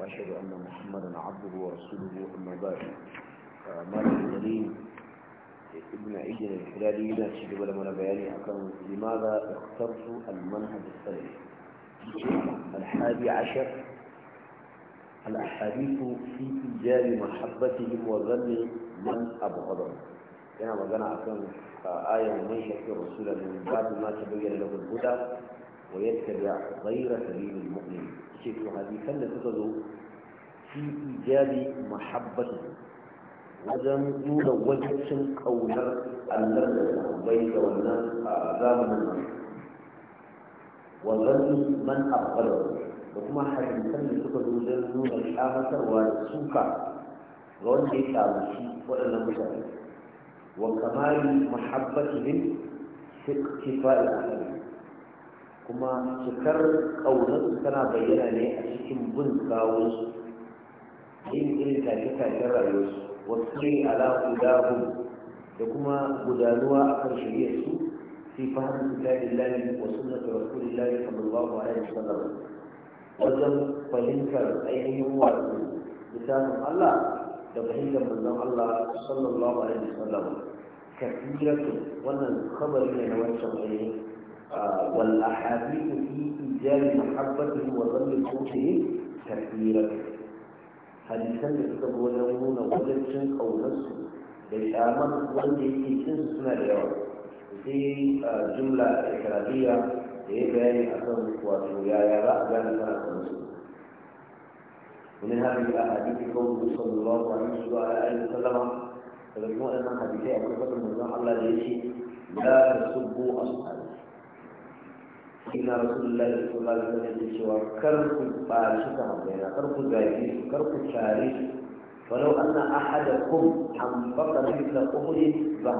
وأشهد أن محمدا عبده ورسوله أما بعد آه، مالك الدليل ابن عيد الهلالي لا تجد ولا من بياني أكرم لماذا اخترت المنهج السلفي الحادي عشر الأحاديث في إيجاد محبتهم وظن من أبغضهم كان مغنى أكرم آه، آية من شكر رسولا من بعد ما تبين له الهدى ويتبع غير سبيل المؤمن الشيخ هذه فن تقصد في ايجاد محبته وزن دون وجه او نر النر بيت والناس اعظام من النار وظن من اقبله وكما حجم فن تقصد وزن دون الشامه والسوكا غون دي تاوشي وانا مشاهد وكمال محبتهم في اقتفاء الاخرين kuma cikar ƙaunarsu tana bayyana ne a cikin bin kawunsu yin irin tafi taken rayuwarsu wasu ne ala gudahu da kuma gudanuwa a kan shirye-su fi fahimci dalil lalin wa kamar rasulillahi sallallahu alaihi wasallam wajen fahimtar ainihin wasu littafin Allah da fahimtar manzon Allah sallallahu alaihi wasallam kafiratu wannan kabari ne na wancan ainihin والاحاديث في ايجاد محبته وظل الخوف كثيرا حديثا يكتب ولون ولد او نص نفسه بشامن ولد يكتب سنة اليوم في آه، جملة إكرادية هي إيه بيان أثر وفي يا يا رأى جانا سنة من هذه الأحاديث قوله صلى الله عليه وسلم وسلم فلنقول أن حديثي أبو بكر الله لا يسبوا أصحابه ina rasulullah da su lalata da ke cewa kar ku ɓaci ka mabaina kar ku zage su kar ku tare su falau an na ahada kum an baka da umuri ba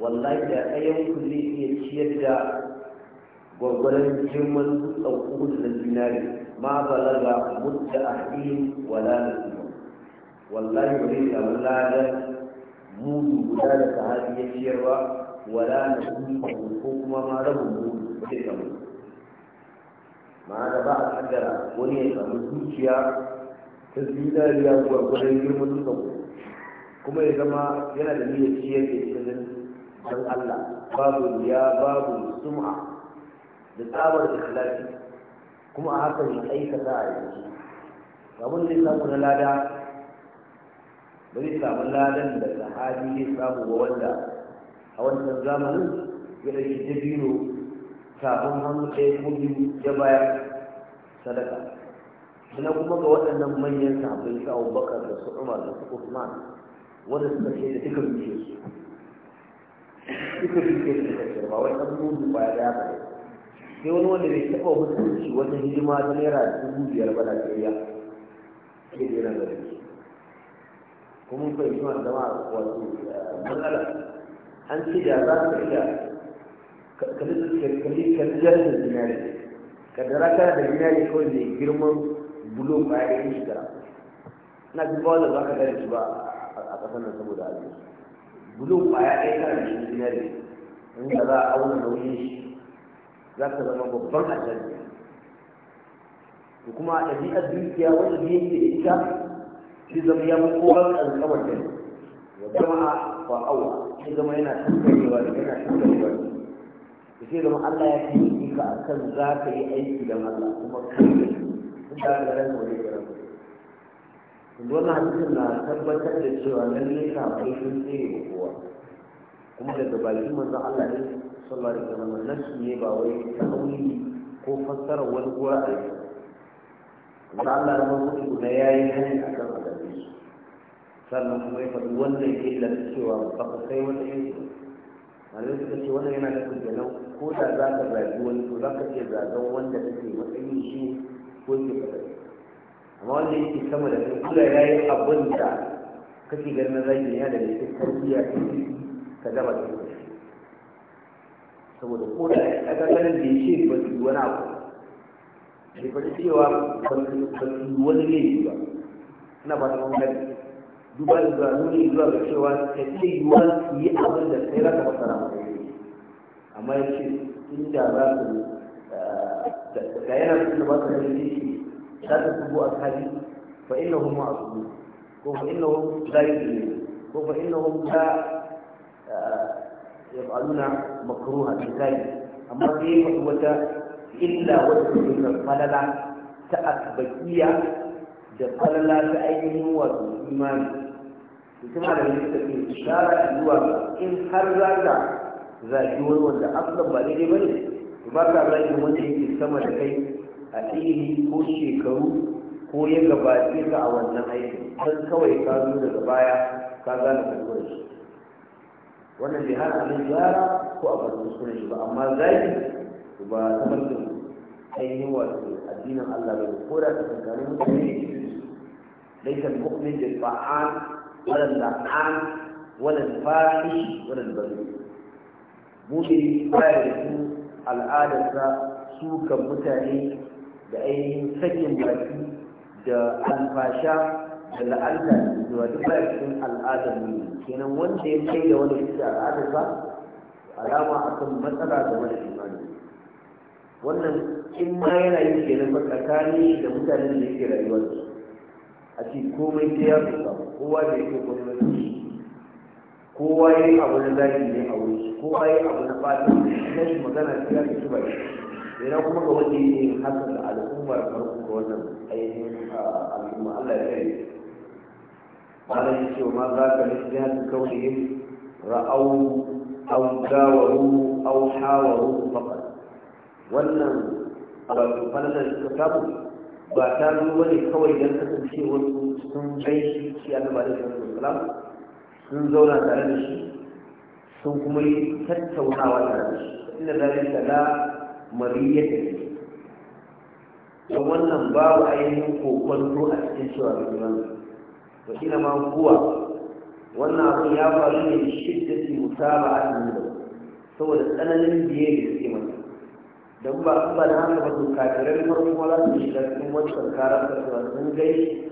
wallahi da ɗayan ku zai iya ciyar da gwargwaron jirman dutsen uhud da zinari ma balaga mudda ahdihim wala nasima wallahi ba zai samu ladan mudu guda da sahabi ya ciyarwa wala da nasima ko kuma ma rabin mudu zai samu ma'ana ba a kaddara wani ya samu zuciya ta zinariya gwargwadon girman ku. kuma ya zama yana da niyyar shi yake cikin don Allah babu ya babu sum'a da tsabar kalafi, kuma a hakan ya aikata a yanzu abin da ya samu na lada ba zai samu ladan da sahabi zai samu wa wanda a wannan zamanin ya ɗauki dabino kafin hannu ɗaya ko biyu ya bayar sadaka sannan kuma ga waɗannan manyan sahabbai su Abu Bakar da su Umar da su Uthman wanda suka ce da duka duke su duka duke su da kake ba wai an mutu baya da ba sai wani wanda bai taɓa mutunci wata hidima ta naira dubu biyar ba Najeriya ke da yana da shi kuma kai shi ma wato eh, matsala an ce da za su iya kalli da zinari kaddara kana da zinari kawai mai girman bulon baya da yi shekara na ji ba wanda ba ka gani shi ba a ƙasar nan saboda abin Bulon baya ɗaya yi kana da shi zinari in da za a auna nauyin shi za ka zama babban ajiyar da kuma ɗabi'ar dukiya wanda ne yake da ita shi zama ya fi koran alƙawar da ya jama'a fa'awa shi zama yana tantarewa da yana tantarewa sai zama Allah ya fi yi ka akan za ka yi aiki da Allah kuma kai da shi in da ka rasa wani gara wannan hadisin na tabbatar da cewa lalle kafai sun tsere da kowa kuma daga bakin manzon Allah ne sallallahu alaihi wasallam nasu ne ba wai ta'awili ko fassara wani gura a yau da Allah ya mutu guda yayi hani akan adabi sannan kuma ya faɗi wannan illa cewa ba ka sai wani yin malai suka ce wannan yana da kenan ko da za ka zagi wani to za ka iya zagan wanda kake matsayin shi ko ke fata amma wanda yake sama da kai kula ya yi abin da kake ganin zagi yana da laifin tarbiyya ta ka gama da kai saboda ko da ya ga ganin da ya ce ba su wani abu bai faɗi cewa ba su wani laifi ba ina ba ta mangani duba da zuwa nuni zuwa ga cewa ta ce yiwuwa su yi abin da sai za ka fasara mai amma ya ce inda za su eh, da yana cikin da ba su ganin jiki za su tubo a kari fa inna hum ma'asubu ko fa inna hum la yudinu ko fa inna hum la eh, yaf'aluna makruha misali amma sai ya faɗi wata illa wata take da falala ta asbaqiya da falala ta ainihin wato imani mutum da ne suka ce shara zuwa in har za ta. Zafi wani wanda asalin ba daidai ba ne ba ka zaki wanda yake sama da kai a tsiri ko shekaru ko ya gabace ka a wannan aikin kan kawai ka zo daga baya ka gane kalmar shi wannan bai hana abin gyara ko a bar sunan shi ba amma zaki ba tabbacin ainihin wato addinin Allah bai ko da tsakanin mutane ليس المؤمن بالطعام ولا اللعان ولا الفاحش ولا البذيء mumini baya da su al'adarsa sukan mutane da ainihin sakin baki da alfasha da la'anta da duk baya cikin al'adar mu kenan wanda ya kai da wani cikin al'adarsa alama akan matsala da wani imani wannan in ma yana yin kenan ba tsakani da mutanen da yake rayuwarsu a ce komai ta ya tsoka kowa da yake komai kowa ya yi abu na zaki ne a wuri kowa ya yi abu na fata na shi magana ta ya fi tuba shi na kuma ga wanda ya yi hasan da al'ummar farko ga wannan ainihin al'umma allah ya yi malam ya ce wa ma za ka nufi ya su kaunihin ra'au au gawaru au hawaru fakat wannan wato falalar suka samu ba ta zo wani kawai don kasancewa sun gaishe shi annabi alaihi wasallam sun zauna tare da shi sun kuma yi tattaunawa tare da shi inda zalika la mariya da wannan babu ainihin kokonto a cikin cewa da junan wakila ma kuwa wannan abin ya faru ne shiddati musaba a cikin saboda tsananin biye da suke mata don ba an ba da haka ba su kafirai farko ma za su shiga cikin wancan karar kasuwa sun gai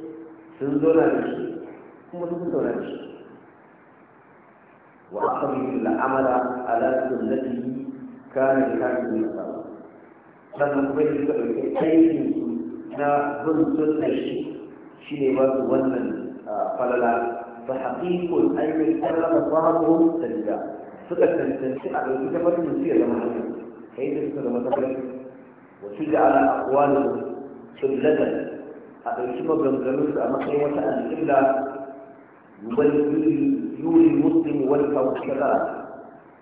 sun zo na da shi kuma sun zauna da shi وأخرج العمل على سنته كان لكافر يصاب sannan kuma yi ka ɗauke aikin su na bin da shi shi ne ba su wannan falala fa haqiqul ayyu karrama sahabuhum sajda suka tantance a ɗauki tafarkin su ya zama haka kai da suka zama tafarkin wasu da ala sun sullatan a ɗauki maganganun su a matsayin wata alƙibla yuballi يولي المسلم والكو كذلك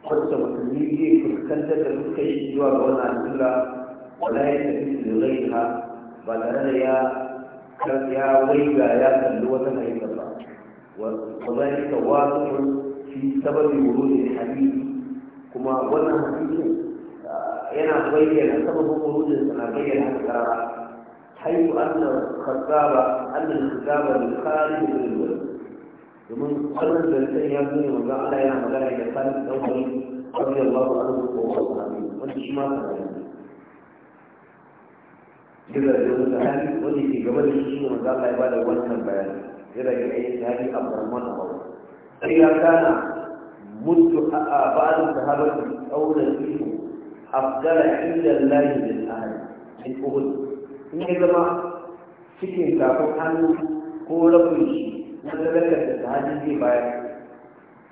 حتى مسلمي فكنت تلقي جواب وانا الله ولا يتبس لغيرها بل أنا يا يا ويلا يا سلوة ما يتبع وذلك واضح في سبب ورود الحديث كما وانا حديث أنا bayyana sababin wurudinsa na bayyana haka karara haifu أن khasaba annan khasaba يقول قلنا الثلاثين يا ابني وجاء على يا مدارك الثالث دوري رضي الله عنه وقوه الحبيب وانت شما تتعلم كده يقول سهالي ودي في جبل الشيء وجاء على عبادة وانت البيان كده يقول سهالي أبدا من أبدا إذا كان مدت أبعاد الصحابة أولا فيه أفضل عند الله للأهل من أهد إنه إذا ما فكين كافو كانوا كولا في الشيء na lalatar da sahabi zai bayar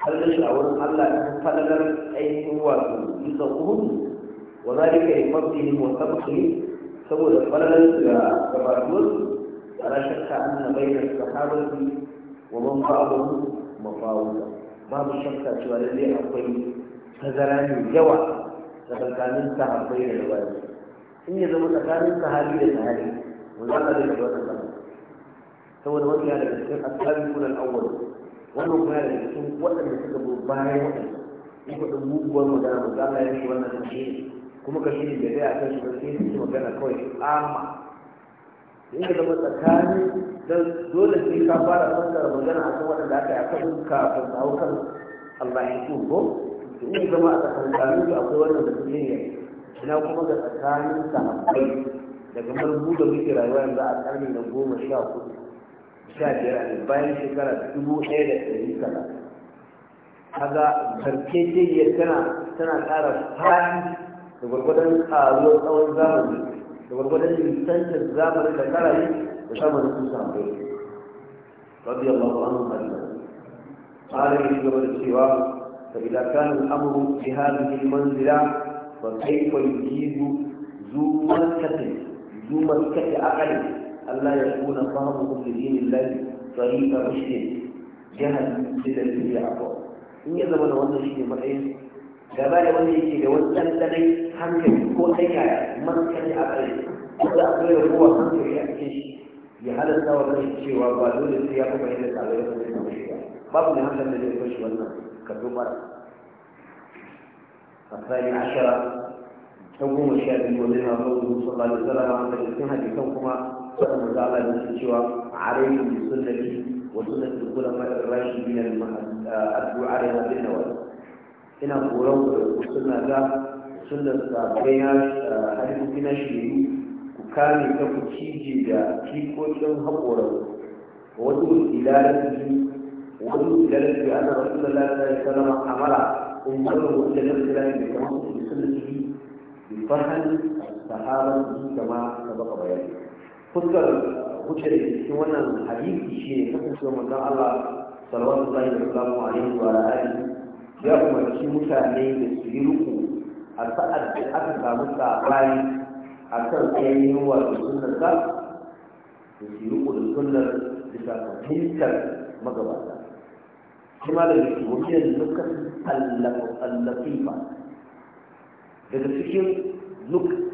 da shi a wurin Allah ta falalar aikin wato yusa uhud wa za zalika li fadlihi wa sabqihi saboda falalar su ga gabatuwar su ala shakka anna bayna sahabati wa man ba'dahu mafawuda babu shakka cewa da zai akwai tazara mai yawa tsakanin sahabbai da riwaya in ya zama tsakanin sahabi da sahabi mun zama da wannan saboda wani yana daga cikin asali kunan awwal wannan kuma yana daga cikin waɗanda suka bu bayan waɗanda ya faɗin buguwar magana ba za a yi wannan kashe kuma kashe ne da zai a kan shi ba sai su magana kawai amma in ka zama tsakanin don dole sai ka fara fassara magana a kan waɗanda aka yi a kan kafin hau kan Allah ya ko ko in ka zama a tsakanin su akwai wannan da suke yi ina kuma ga tsakanin sahabbai daga marubu da muke rayuwa yanzu a ƙarni na goma sha hudu sha ne bayan shekara dubu ɗaya da ɗari kaza kaga zarkejeniyar tana tana ƙara fadi da gwargwadon ƙaruwar tsawon zamani da gwargwadon nisantar zamanin da karaye da zamanin sun samu رضي الله عنه أجمعين قال يجب السواه فإذا كان الأمر بهذه المنزلة فكيف يجيب ذو ملكة ذو ملكة أقل ألا يكون في دين الله صريفة مشكلة جهل بدل في عفو إن يزم أن أولا شيء ما إيه جبال أولا شيء جوال تنتني حمك بكو حكاية ما تنتني أقل إذا أقل هو يعني حمك يأكش يهل السوى بشيء وقالول السياق بحيدة على يوم الدين بابن حمد من الوش والنا كدوما أطفال عشرة تقوم الشيء بالمدينة صلى الله عليه وسلم عن الاجتهاد يتوقف wannan manzo Allah ne ke cewa alaihi bi sunnati wa sunnati al-khulafa ar-rashidin al-mahdu ah, alaiha bin nawal ina koran ku sunna ga sunnar sahabbai na ah, hadisi na shiri ku kame ka ku cije da kikokin haƙoran wasu ilalatihi wasu ilalatihi ana rasulullah sallallahu alaihi wasallam amara in sallu wa sallam sallallahu alaihi wasallam bi sunnatihi bi fahmi sahabati kama sabaka bayani fuskar da cikin wannan hadisi shi ne kasancewa manzon Allah sallallahu alaihi wa alihi ya umarci mutane da su yi ruku a sa'ad da aka samu a kan ainihin wato sunnar sa da su yi ruku da sunnar bisa fahimtar magabata kuma da yake wajen nukas ba daga cikin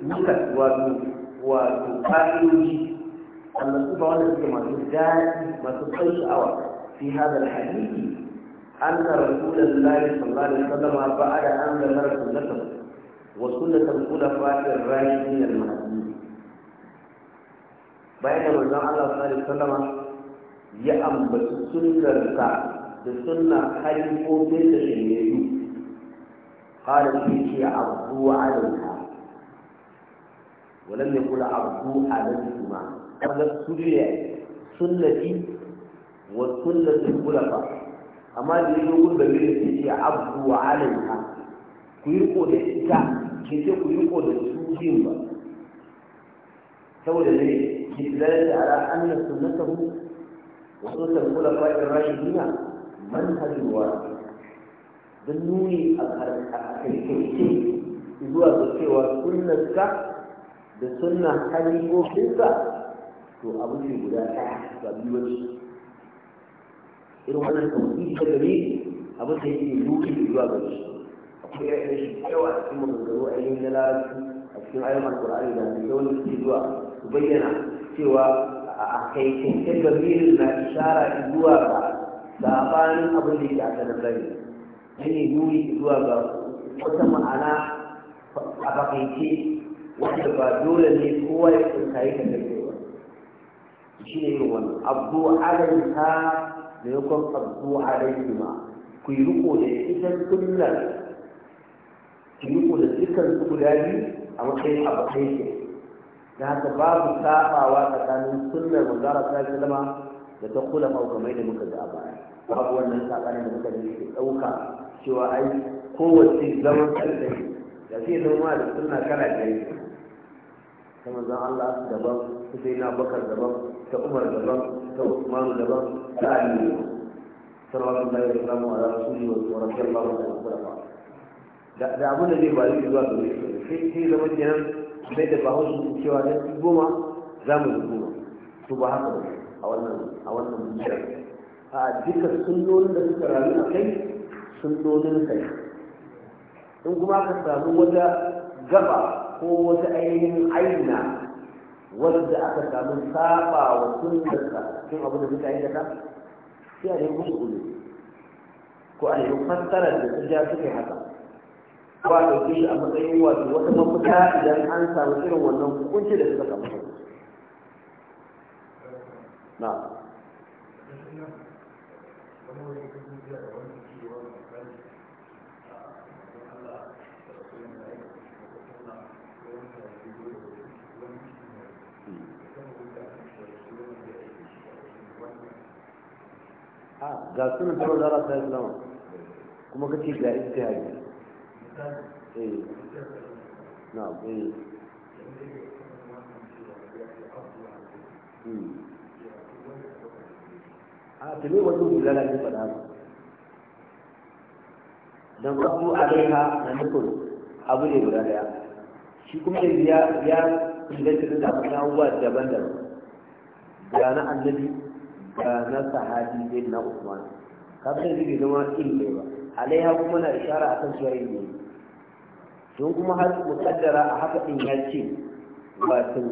nukas wato وتقاعده أن نصف وانت كما تزاد ما تبقلش أوك في هذا الحديث أن رسول الله صلى الله عليه وسلم بعد أن ذكر سنته وسنة الخلفاء الراشدين المهديين بعد ما رسول الله صلى الله عليه وسلم يأم بسنة الرسالة بسنة حيث قوتين تشيئين قال في شيء عبدو على ولم يقل عبدو حالتهما قبل سرع سنة وسنة الخلفاء أما الذي يقول بغير سيتي عبدو عليها كيقو لسكا كيرقو كيرقو لسوجين با سوى ذلك دلالة على أن سنته وسنة الخلفاء الراشدين منهج الوارث don nuni a karkace zuwa ga cewa sunnarsa da suna sunna halibofinsa to abu ne guda ɗaya ba biyu wacce irin wannan tauhidi ta gare abin da yake duki zuwa gare shi akwai irin shi yawa a cikin magagaro a yin na larabci a cikin ayyukan alƙur'ani da da wanda suke zuwa su bayyana cewa a kai kai gamirin na ishara zuwa ga sabanin abin da yake a kanan bari ne da zuwa ga wata ma'ana a bakaice wanda ba dole ne kowa ya tsinkaye ka da kai shi ne alaika da ya kwan abu abdu alaihima ku yi riko da ita sunnar ku yi riko da dukkan su guda biyu a matsayin abu aiki da haka babu sabawa tsakanin sunnar manzara ta sallama da ta kula maukamai da muka ga a baya babu wannan sabanin da muka da ke ɗauka cewa ai kowace zaman kanta da ke noma da suna kala ɗaya ta manzan Allah daban Hussein Abubakar daban ta Umar daban ta Usmanu daban ta Ali sallallahu alaihi wa sallam ala rasuli wa radiyallahu anhu wa da da abin da zai bari zuwa ga wani sai sai zaman kenan sai da bahaus cewa da goma za mu goma to ba haka ba a wannan a wannan a sun dole da suka rayu a kai sunnonin kai in kuma ka samu wata gaba ko wata ainihin aina wadda aka samu saba wa sunnarsa cikin abu da suka aikata sai a nemi musu ulu ko a nemi fassarar da sun ja suka haka ko a ɗauke shi a matsayin wato wata mafita idan an samu irin wannan hukunci da suka samu na ga suna taro zara ta yi kuma kace ga ijtihadi eh na eh hmm. a tuni wasu bulala ne na nufin abu ne guda daya shi kuma yanzu ya ya inganta da abubuwa daban-daban ga na annabi na sahabi bin na usman kafin yanzu bai zama ilmi ba alaiha kuma na ishara akan cewa ilmi don kuma har mukaddara a haka din ya ce wato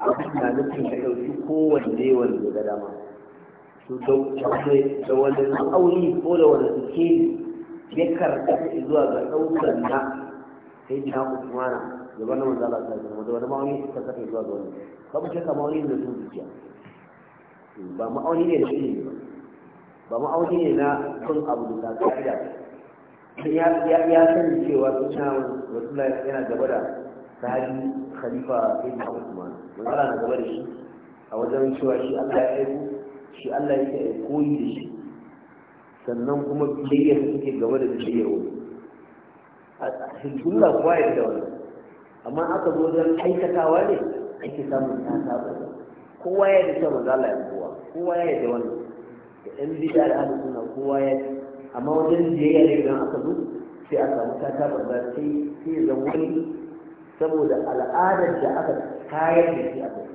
abin na nufin ka ɗauki kowanne wanda ga dama to da wanda na auri ko da wanda suke ya karɓa zuwa ga ɗaukar na sai jina usmana gaban wani manzala ta zama da wani ma'auni suka saka zuwa ga wani kamar shi kamar yin da sun zuciya ba ma'auni ne da shi ba ba ma'auni ne na sun abu da ta'ida ya ya ya san cewa suna rasulullah yana gaba da sahabi khalifa ibn Uthman magana na gaba da shi a wajen cewa shi Allah ya aiko shi Allah yake koyi da shi sannan kuma biyayya suke gaba da biyayya wani a cikin kuwa ya da wani amma aka zo don aikatawa ne ake samun ta saba kowa ya yi cewa zala ya kowa kowa ya da wani da ɗan bid'a da ahlus suna kowa ya amma wajen biyayya ne don aka zo sai a samu tata banza sai sai zan wani saboda al'adar da aka kayar da shi a kai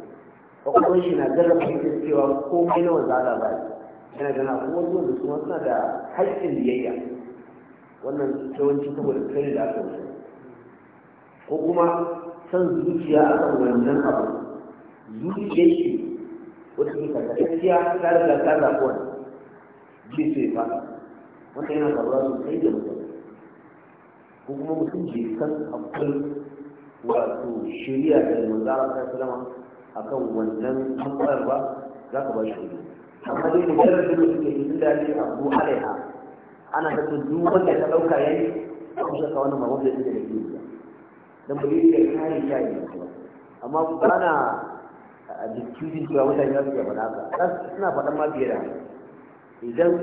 kwakwalwar shi na jarraba ita cewa komai na wanzu Allah ba yana gana kuma zuwa da kuma suna da haƙƙin biyayya wannan yawanci saboda kai da aka wuce ko kuma son zuciya a kan wannan abu zuciyar yake wata ke karkatacciya ta riga ta zaɓi wani bai so ya yana faruwa sosai da mutum ko kuma mutum je kan akwai wato shari'a da manzara ta salama akan wannan matsalar za ka ba shi wani amma dai mutarar da mutum ke yi da ne abu alaiha ana da duk wanda ta ɗauka yayi ko shaka wannan ba wanda ya da ke yi dan ba yi da kare amma ba na a jikin cewa mutane za su iya faɗa ba suna faɗan ma fiye da idan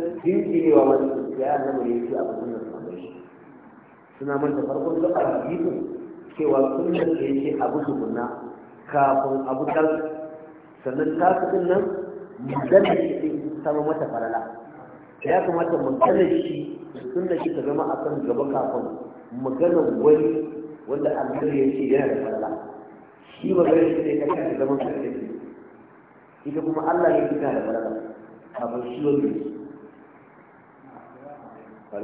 wa masu ya annabi ne yake abin da su shi suna manta farkon su a jikin cewa sun da yake abu tukunna kafin abu kan sannan tasirin nan mujallar shi sama mata farala ya kamata maganar shi da shi ta zama a kan gaba kafin maganar wani wanda annabi ya ce yana da farala shi magana shi ne kai da zaman kanta ne ita kuma Allah ya fita da balala kafin shi wani da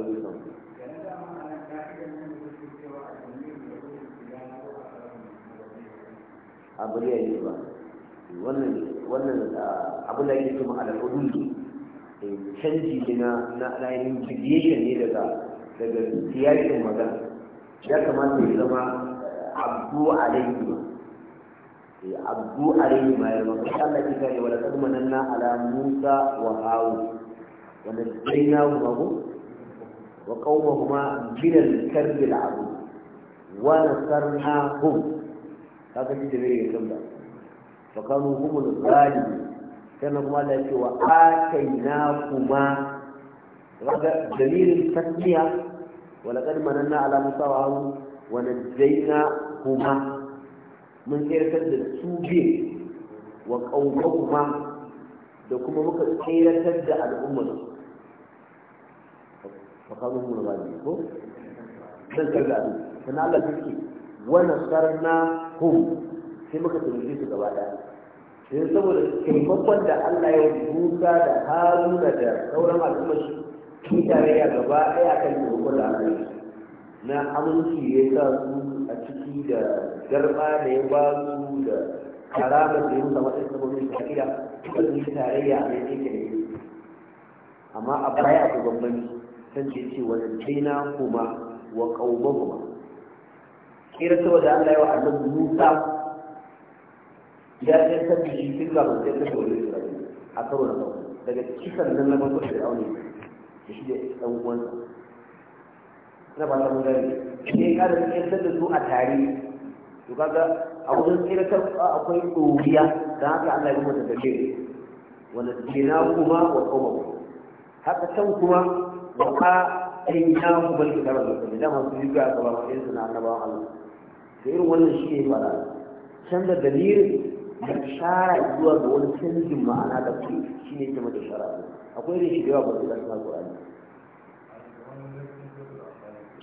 abu ne yi ba wannan wannan abu da yake kuma eh, canji ne na na ne daga daga magana ya kamata ya zama eh, abu alaihi ba عبدوا عليه ما يرمى فقال لك ولا تؤمنن على موسى وهارون ونجيناهما وقومهما من الكرب العظيم ونصرناهم هذا في دبير الكلام فكانوا هم الغالبين كان الله لك وآتيناهما دليل التسمية ولقد مننا على موسى وهارون ونجيناهما mun tsirkar da su wa ƙauƙauma da kuma muka tsirkar da al'ummar fa kawo mun ba ne ko dan karga su sannan Allah yake wa na hum sai muka tsirkar su gaba daya sai saboda taimakon da Allah ya musa da haruna da sauran al'ummar shi tun ya gaba ya kan taimakon da Allah ya na aminci ya sa su a ciki da garba da ya ba da karamar da ya musa matsayin saboda ya kira da sun yi tarayya a yake da yi amma a baya a gaban san ce ce wani china kuma wa ƙauba kuma kira saboda allah yawa annabi musa ya ce san shi tun kafin sai ta wani isra'ila a karo na farko daga cikin nan na farko da ya aune da shi da ɗan uwansa na ba ta gudare ne ya kada ne da su a tare to kaga a wajen tsirkar akwai ɗoriya da haka Allah ya kuma ta gaje ke na kuma wa tsoma haka can kuma wa ka tsina mu bal ki karar da da masu yi ga gaba ma su na annabawan Allah to irin wannan shi ne fara can da dalilin da shara zuwa ga wani canjin ma'ana da ku shi shine kuma da shara akwai irin shi da yawa ba su da Qur'ani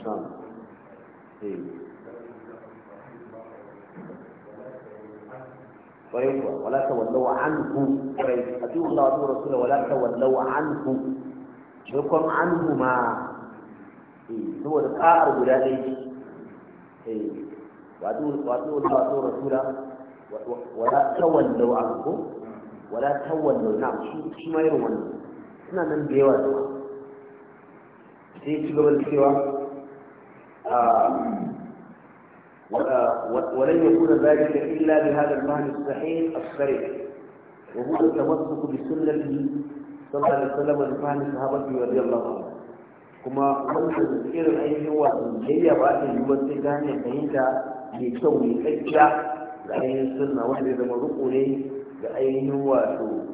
نعم قريبا ولا تولوا عنه قريبا أتيوا الله وأتيوا الرسول ولا تولوا عنه شكرا عنه ما هو القاعر ولا ليش وأتيوا الله وأتيوا الرسول ولا تولوا عنه ولا تولوا نعم شو ما يرون سنة من بيوا sai ci gaba da cewa ولن يكون ذلك إلا بهذا المعنى الصحيح الصريح وهو التمسك بسنته صلى الله عليه وسلم لفهم صحابته رضي الله عنه kuma wannan irin ainihin wasan jayya ba ta yi wata gane fahimta mai kyau mai tsakiya ga ainihin sunna wanda zama riko ne ga ainihin wato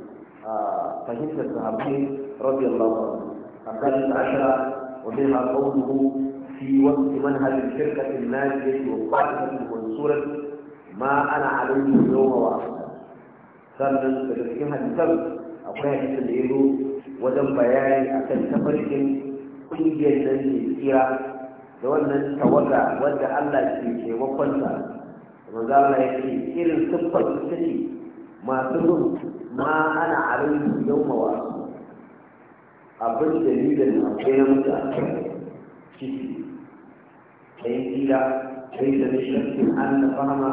fahimtar sahabbai rabbi Allah a kan ashara wa bin haƙaunuhu في وقت منهج الشركة الناجية والطائفة المنصورة ما أنا عليه اليوم وأصلا sannan daga cikin hadisan akwai hadisin da ya wajen bayani a kan ƙungiyar nan ne tsira da wannan tawaga wanda Allah ke taimakon manzo Allah ya ce irin siffar su take masu bin ma ana da ni فإن قيل ليس بشك أن فهم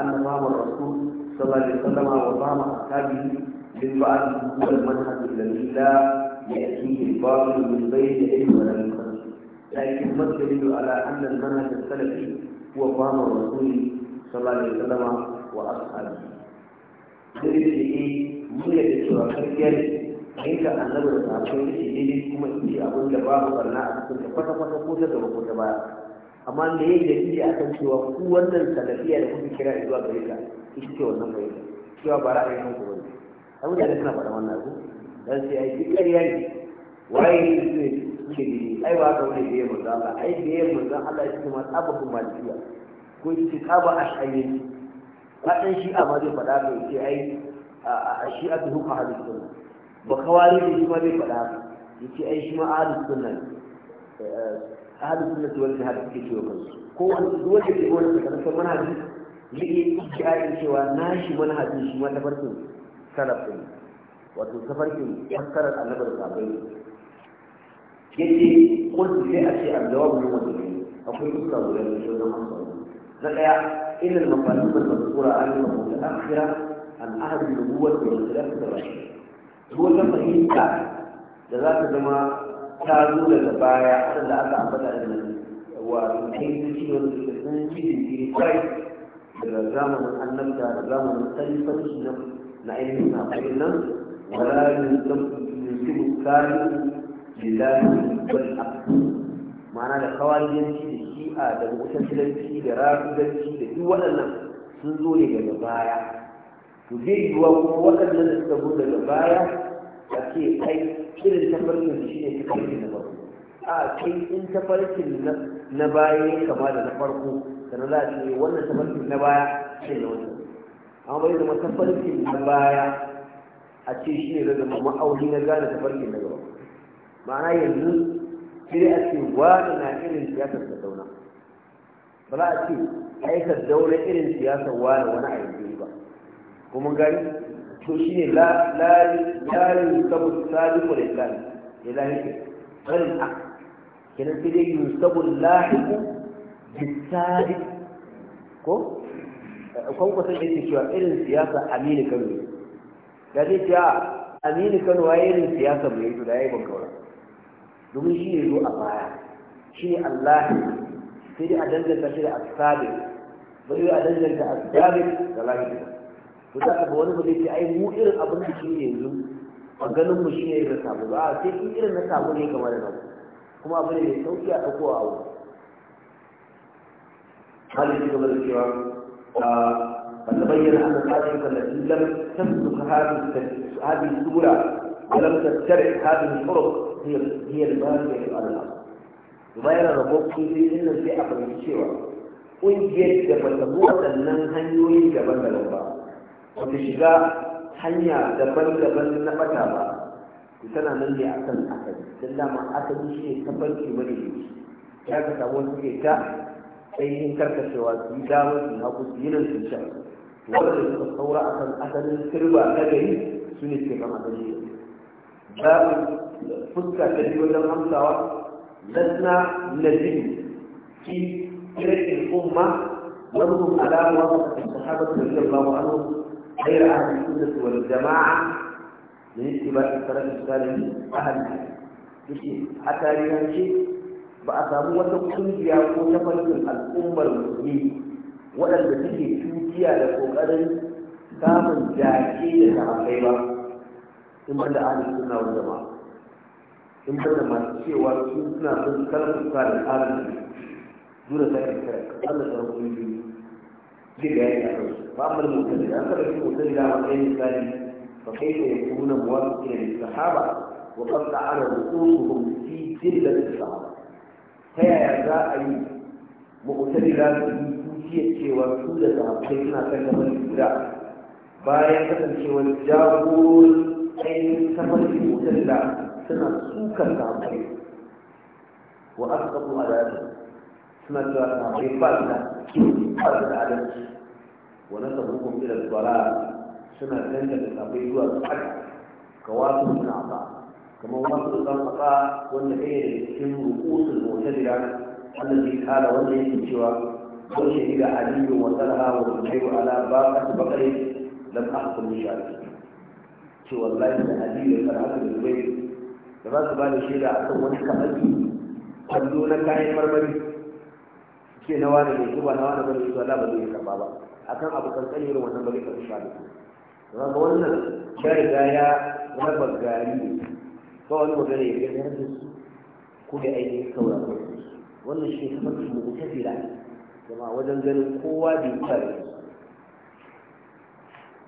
أن فهم الرسول صلى الله عليه وسلم وفهم أصحابه من بعد هو المنهج الذي لا يأتيه الباطل من بين علم ولا من خلف لكن ما الدليل على أن المنهج السلفي هو فهم الرسول صلى الله عليه وسلم وأصحابه dalilin da ke murya da cewa karfiyar aika annabar da sahabbai da shi daidai kuma in ce abin da babu barna a cikin ta kwata-kwata ko ta gaba ko ta baya amma da ya dalili a kan cewa ku wannan salafiya da kuka kira zuwa gare ka ita ce wannan bai cewa ba ra'ayin nan ku bane ai da kana faɗa wannan abu dan sai ai duk ƙarya ne waye ne su ne suke dalili ai ba ka wani biye manzo Allah ai biye manzo Allah ya ce ma tsaba ku malikiya ko ya ce tsaba ash'ari ba dan shi a ma zai faɗa ka ya ce ai a shi'atu hukma hadis sunna ba kawari da shi ma zai faɗa ka ya ce ai shi ma a sunna ne eh, eh, ahalin sunnati wal jihad ke ciwo kan ko wani duk wanda ke wani sakamakon manhaji zai iya ikirarin cewa nashi manhajin shi ma farkin salaf ne wato safarkin fassarar annabi da sabai yace kun sai a ce al-jawab min wajhi akwai fuska guda da shi wannan na daya inal mafatih al mazkura an mutaakhira an ahad al-nubuwwah wal khilafah ar-rashid duk wata fahimta da za ta zama ta zo daga baya da aka ambata da wato ainihin wanda suka sun da jinkiri kwai daga zamanin annabta da zamanin talifanci na na ainihin sahabbai nan wala yusuf yusuf kari lillahi wal a. ma'ana da kawaliyanci da shi'a da mutasalanci da rafidanci da duk waɗannan sun zo ne daga baya to zai yiwuwa kuma waɗannan da suka zo daga baya a ce kai irin tafarkin shi ne tafarkin na farko a kai in tafarkin na baya ya kama da na farko sannan za a ce wannan tafarkin na baya shi ne wannan amma bai zama tafarkin na baya a ce shi ne zama ma'auni na gane tafarkin na gaba ma'ana yanzu sai a ce wani na irin siyasar da dauna ba za a ce aikar dauna irin siyasar wani wani a yanzu ba kuma gari to shi ne layin sabon sabi da islami ya lahiku ƙarin a kenan sai dai yin sabon lahiku bisari ko kwankwasan da yake cewa irin siyasa aminu kano ne ya ce cewa aminu kano ya irin siyasa mai yanzu da ya yi bankaura domin shi ne zo a baya shi ne allahi sai dai a danganta shi da asabin bai a danganta asabin da lahiku to za ka ga wani ba zai ce ai mu irin abin da shi ne yanzu a ganin mu shi ne irin sabo ba a sai in irin na sabo ne kamar da namu kuma abu ne mai sauki a ɗauko a wuri hali shi gaba da cewa قد تبين أن الحادثة التي لم تملك هذه السهولة ولم تتبع هذه الطرق هي هي الباقية على الأرض. وبين الربوب في أن الشيء أقل من الشيء ƙungiyar da ba ta waɗannan hanyoyin daban daban ba ba shiga hanya daban-daban na bata ba to tana nan ne a akan asali don dama asali shi ne tabbaci bane ne ya ka samu wasu ke ta ainihin karkacewa su yi dama su haku su yi nan su can wanda suka saura akan asalin sirba na gari su ne ke kan asali ba fuska ta biyu wajen amsawa lasna nazibi ki kirkin umma wani ala wa sahabatu radiyallahu anhu غير أهل السنة والجماعة من اتباع السلف الصالح أهل الحديث حتى ينشئ ba a samu wata ƙungiya ko ta al'ummar musulmi waɗanda suke tukiya da ƙoƙarin samun jaki da sahabbai ba in ban da ahalin suna wanda ba in ban da masu cewa su suna son kalmar da ahalin su dole ta karkar Allah ta hukunci zai ga yadda بعض المعتزله اخر المعتزله عن غير الثاني فكيف يكون موافقين للصحابه وقد تعالى نصوصهم في جلة الصحابه فيا يا زائر معتزله في توشيه شيوى سوده صحابه سيدنا كان من الابداع بايا كتب شيوى الجاول اي سفر المعتزله سنة سوكا صحابه واسقطوا على سنة صحابه فاتنا سوكا على wani sabukun ila tsara suna da kafai zuwa tsari ka wasu suna ba kamar wasu da zan faɗa wanda ɗaya da cikin rukusun motsadira wanda ke kara wanda yake cewa don shahida aliyu wa talha wa zubairu ala ba ka ta bakare lam ahkum shari ce wallahi da aliyu da talha da zubairu da za su ba da shaida a kan wani kamari kallo na kayan marmari ke na wani mai kuma na wani bane su ala ba zai karɓa ba akan abu kankan irin wannan bari ka zai da shahada amma ga wannan ya riga ya raba gari ne ba wani magana ya gani har ko da aiki ya ainihin sauraron wannan shi ne kamar su fira kuma wajen ganin kowa da ya tare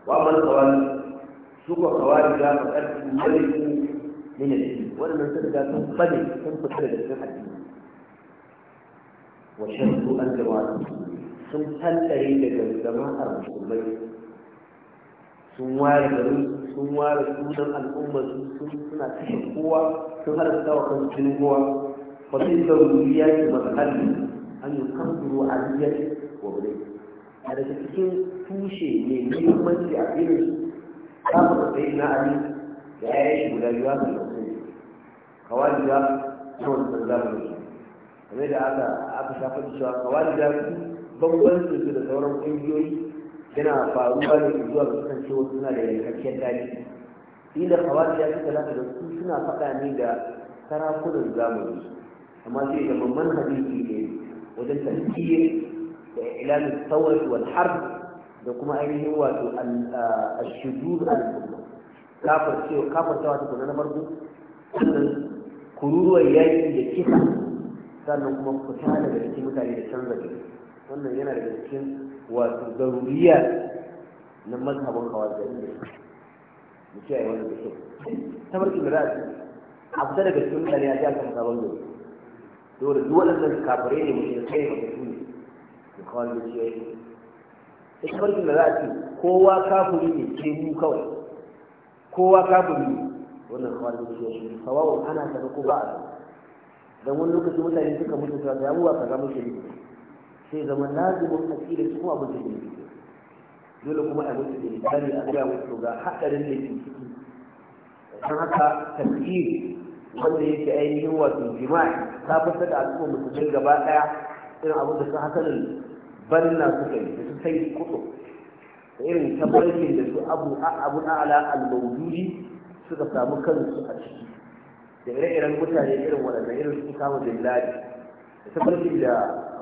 وأما الخوارج سوق الخوارج فقد ملكوا من الدين ولم تلقى تنقلب تنقلب في الدين وشرط أن جواب sun tattare daga jama'ar musulmai sun ware garin sun ware sunan al'ummar sun suna kashe kowa sun halatta wa kan jinin kowa fasin da rubiya ce masahalli an yi kamfuru a riyar wa bude a daga cikin tushe ne muhimmanci a irin kama ta sai na ali da ya yi guda biyu a kan lokacin kawai da yawan zamanin kamar da aka shafa cewa kawai da su bambancin su da sauran ƙungiyoyi yana faruwa ne zuwa ga kasance wasu suna da yankakken tarihi inda kawai ya suka lafa da su suna faɗa ne ga sarakunan zamani amma sai da mamman hadisi ne wajen tafiyar da ilamin saurat wal harb da kuma ainihin wato al-shudur al-umma kafar cewa kafar tawa ta kuma na farko sannan kururuwar yaƙi da kisa sannan kuma fita daga cikin mutane da canza jiki wannan yana daga cikin wato zaruriya na mazhabin kawazari mu yi wannan da Ta tabarkin da za a ce abu da daga cikin mutane a ji aka sabon gobe dole duk su kafare ne mu mutum kai ba su ne to kawai da ciye shi Ta tabarkin da za a ce kowa kafuri ne ke mu kawai kowa kafuri ne wannan kawai da ciye shi sawawun ana ta ko ba a Don wani lokaci mutane suka mutu ta ga abubuwa kaza muke ne sai zama lazimin akida kuma abu da ne dole kuma a mutu da misali a ga wato ga haɗarin da ke ciki don haka tafsiri wanda yake ainihin wato jima'i ta fitar da al'umma musulmai gaba ɗaya irin abin da su hasanin banna suka yi da su sai kudu da irin tabbarkin da su abu abu ala al-mawdudi suka samu kansu a ciki da ire-iren mutane irin waɗannan irin su kama da da tabbarkin da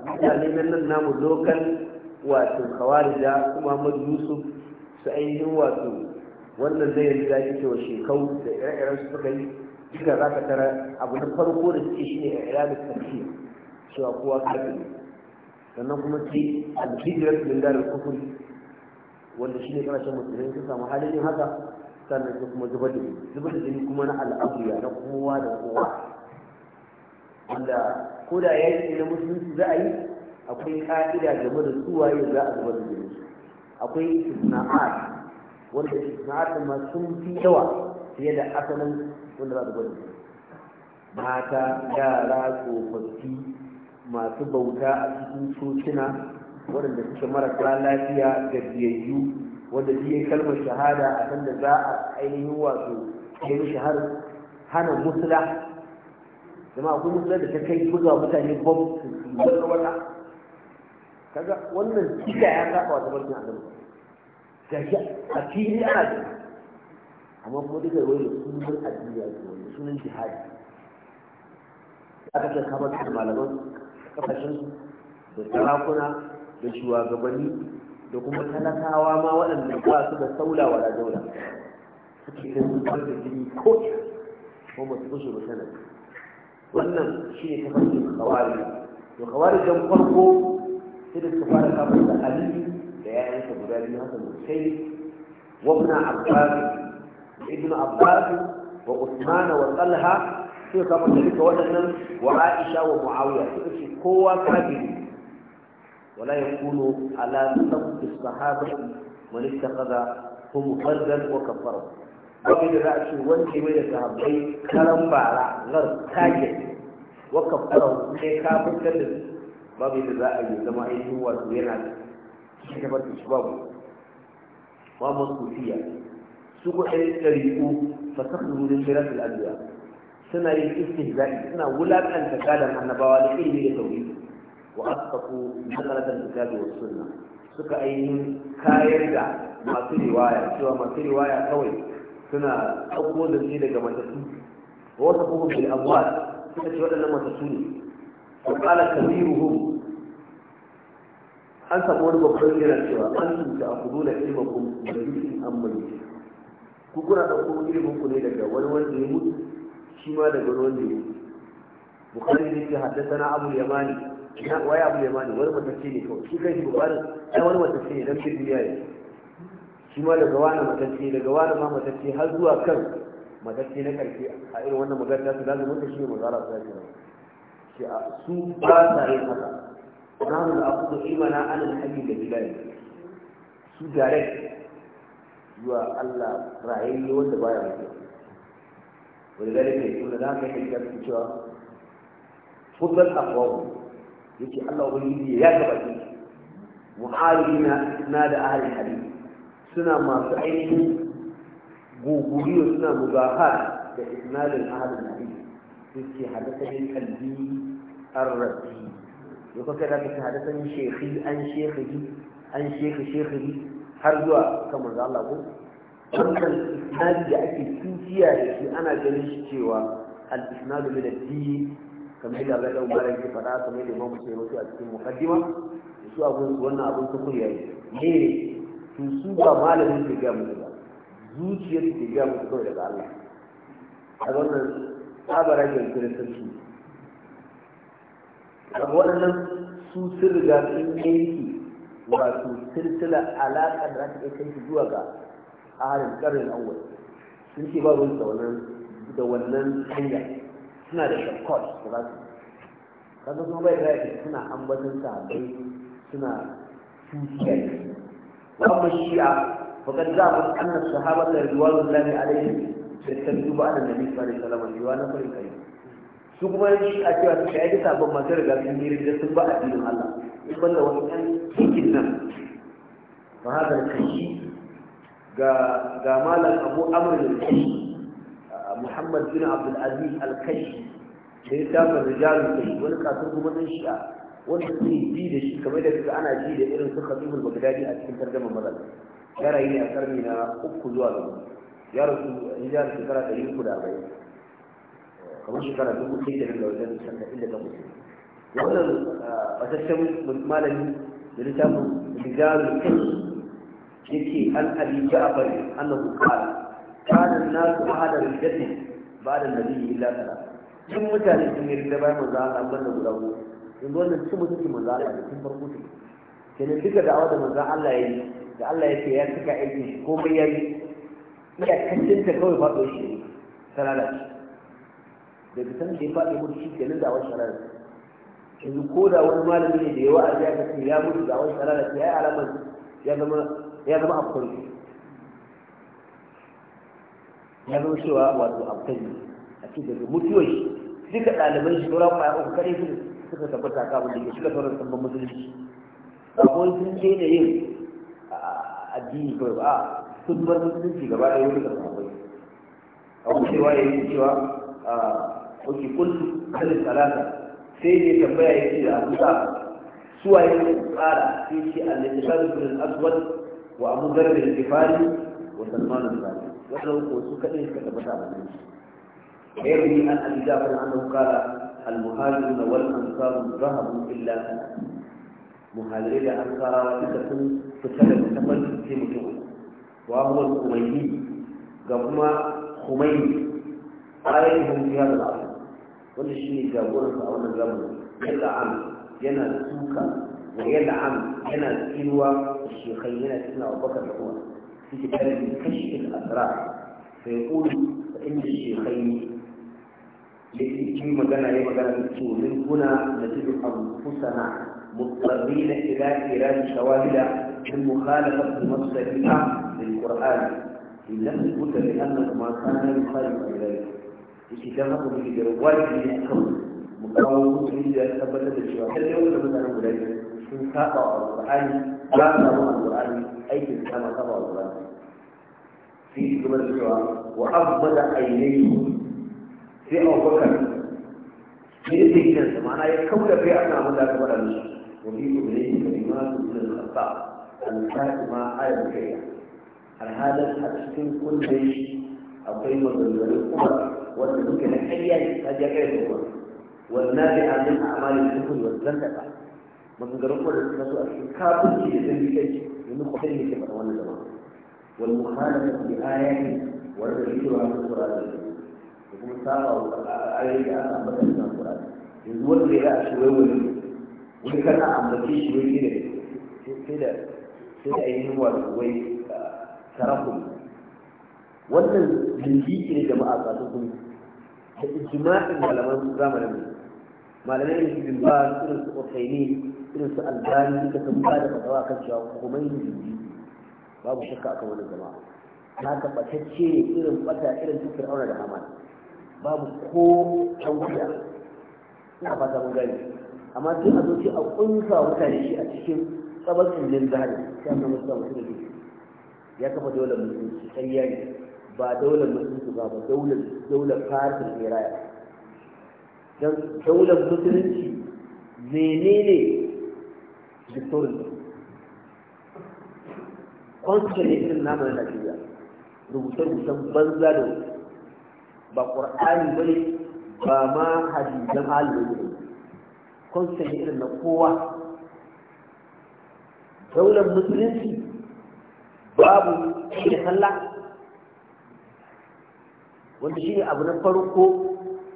mutane nan nan namu lokal wato kawarija kuma muhammadu yusuf su ainihin wato wannan zai yanzu zaki cewa shekau da ire-iren su suka yi duka za ka tara abu na farko da suke shine a da tafiya cewa kowa kafin sannan kuma sai alhijirar lindarar kufuri wanda shine karashen musulmai sun samu halin yin haka sannan su kuma zubar da jini zubar da jini kuma na al'abuya na kowa da kowa wanda ko da yi na musulunci za a yi akwai ka'ida game da waye za a zubar da jini akwai istisna'at wanda istisna'at ma sun fi yawa fiye da asalin wanda za a zubar da jini mata yara tsofaffi masu bauta a cikin cocina waɗanda suke marasa lafiya ga wanda shi ya kalmar shahada a kan da za a ainihin wato ainihin shahar hana musula jama'a akwai musulun da ta kai buga mutane bom su wata kaga wannan cika ya saba wa tabarkin da gashi a fili ana ji amma kuma duka wani sunan addini ya ce wani sunan jihadi aka ce kamar da malaman kafashin da sarakuna da shugabanni da kuma talakawa ma waɗanda ba su da saula wa da daula suke ganin da jini ko ko su ba sanar wannan shi ne tafarkin kawari to kawari don farko sai da suka fara kafin da aliyu da yayansa guda biyu hasan musai wabna abbas ibnu abbas wa usman wa talha sai kafin da duka waɗannan wa aisha wa muawiya suka ce kowa kafiri ولا يكون على صف الصحابة من اتخذ هم فردا وكفرهم وفي ذلك وانت من الصحابين كلام بارا غير كاجر waka kafara sai ka fitar da su babu yadda za a yi zama a yi ainihin su yana cikin tabbatar shi babu wa masufiya su ko ɗari ko fasakhu wurin da al'adura suna yin istihza'i suna wulaƙanta kalan annabawa da ilimi da tauhid wa matsalatar da ta was sunna suka ainihin kayar da masu riwaya cewa masu riwaya kawai suna ɗauko zance daga matattu wasu kuma bil amwal suka ce waɗannan matattu ne ƙala kabiru kabiruhum an samu wani babban yana cewa an tunta a nuna ilimin ilmakum da an amman ku kuna ɗauko ilimin ku ne daga wani wanda ya mutu shi ma daga wani wanda ya mutu bukari ne ke haddasa na abu ya na waya abu ya mani wani ce ne kawai shi kai shi bukari ai wani ce ne dan fi duniya ne shi ma daga wani ce daga wani ma ce har zuwa kan matacce na karshe a irin wannan magana ta zalimin da shi ne mazara su yake shi a su ba sa yin haka nahnu da abu da imana an alhaji da bilal su direct zuwa Allah rayayye wanda ba baya mutuwa wanda da yake kuma da haka yake da cewa fuddal aqwamu yake Allah ubangiji ya gaba ki muhalina na da ahli hadith suna masu ainihin goguriyo suna mubahar da isnadin ahalin nabi suke hadasani kalbi arrabi lokacin da ka hadasani shekhi an shekhi an shekhi shekhi har zuwa kan manzo Allah ko wannan isnadi da ake tukiya da shi ana ganin shi cewa al isnadu min ad-din kamar da Allah Umar yake fada kamar da Imam Muslim yake a cikin muqaddima su abun wannan abun tukuriya ne ne to su ba malamin da ga mu ba zuciyar da ya mutu kawai daga Allah a wannan tsabara ke sarki a wannan su sun riga sun yanki wato silsila alaƙa da ake iya kai zuwa ga harin ƙarin awwal sun ce ba ruwan da wannan da wannan hanya suna da shakkot da za su kaga kuma bai da suna sa bai suna tuciya amma a فقد زعموا أن الصحابة رضوان الله عليهم يستندوا على النبي صلى الله عليه وسلم رضوانا فريقين su kuma ya shi a cewa su shaidi sabon masu riga sun yi rigar sun ba a addinin Allah in banda wani ɗan cikin nan ba haka kashi ga malam Abu Amr al-Kashi Muhammad bin Abdul Aziz al-Kashi da ya da rijal kashi wani kasar kuma dan shi'a wanda zai yi bi da shi kamar da kaga ana ji da irin su Khatibul Baghdadi a cikin tarjumar mazal ya rayu ne a karni na uku zuwa gaba ya rasu hijira shekara ɗari uku da arba'in kamar shekara dubu ɗaya da daga wajen sannan da ta mutu wannan ah, fataccen malami da ta littafin rijalul kai yake an abi ja'far annahu qala kana an-nasu ahada ba da nabiyyi illa kana tun mutane sun yi da bayan manzo Allah ban da guda uku yanzu wannan cin mutunci manzo Allah da tun farko ne kenan duka da'awa da manzo Allah ya yi da Allah ya ce ya cika aikin shi bai ya yi iyakacin ta kawai faɗo shi ne ta Da ta san da ya faɗi mutu shi kenan da wani sharar yanzu ko da wani malami ne da yawa a ya ce ya mutu da wani sharar ya yi alamar ya zama ya zama afkwarki ya zama cewa wato ne. a ce daga mutuwar shi duka ɗaliban shi sauran kwaya uku kare su suka tabbata kabin da ke shiga sauran sabbin musulunci ba kuma sun daina yin addini kawai ba sun bar musulunci gaba da wani ga sahabbai a wucewa ya yi cewa a ah, oke kun kalin talata sai ne tambaya ya ce da abu sa suwa ya yi tsara sai ce a littafin bin aswad wa abu zarbe da fari wa salmanin zari wannan ko su kaɗai suka tabbata a musulunci غيره عن ابي جعفر انه قال المهاجرون والانصار ذهبوا الا ثلاثه muhalirai da an tsarawa duka sun fita da tabbacin sai mutum wa huwa kumaini ga kuma kumaini ayyukan fiya da lafi wanda shi ne jagoransa a wannan zamani yadda an yana suka wa yadda an yana tsinuwa shekai yana tsina wa bakar da kuma في كتاب كشف الأسرار فيقول فإن الشيخين التي في مجانا أي مجانا من هنا نجد أنفسنا مضطرين إلى إيران شواهد من مخالفة مصدرها للقرآن إن لم يثبت بأنه ما كان يخالف إليه اتهامه بالرواية من الكون مقاومة إذا ثبت لا يوجد مثلا إليه إن تابع القرآن لا تابع القرآن أي كما تابع القرآن في جمل الشواهد وأفضل عينيه في أبو بكر في إذن معناه يكون في أن أبو بكر أضيف إليه كلمات من الخطاب ما آية بكية هل هذا الحدثين كل شيء أقيم قيمة الأمر والنبوك الحية غير يقعد والنابع من أعمال الكفر والزندقة من قرقوا للناس الكافر في ذنبك من خطره كما وانا الزمان والمخالفة بآيات والرسول عن القرآن يقول ساقه آية أنا بدأت من القرآن يزول لي شوية شوي wani kana ambace shi wani ne sai da sai da ainihin wato wai tarakun wannan lindiki ne jama'a tsakanin da ijma'in malaman zamanin ne malamai ne su ba irin su ƙwaƙaini irin su albani suka san ba da fatawa kan cewa kuma yin lindiki babu shakka akan wannan jama'a na tabbatacce ne irin ɓata irin su fir'auna da haman babu ko ɗan kuya ina fata mun gani amma sai a zoce a kunsa mutane shi a cikin tsabar tsillin zahari sai an musu musu da biyu ya kafa daular musulunci ƙarya ne ba daular musulunci ba ba daular daular fatin ne raya don daular musulunci menene diktorin kwanci ne irin namu na Najeriya rubuce-rubucen banza da ba ƙur'ani ba ne ba ma hadisan alibai constant irin na kowa daular musulunci babu da sallah wanda shi ne abu na farko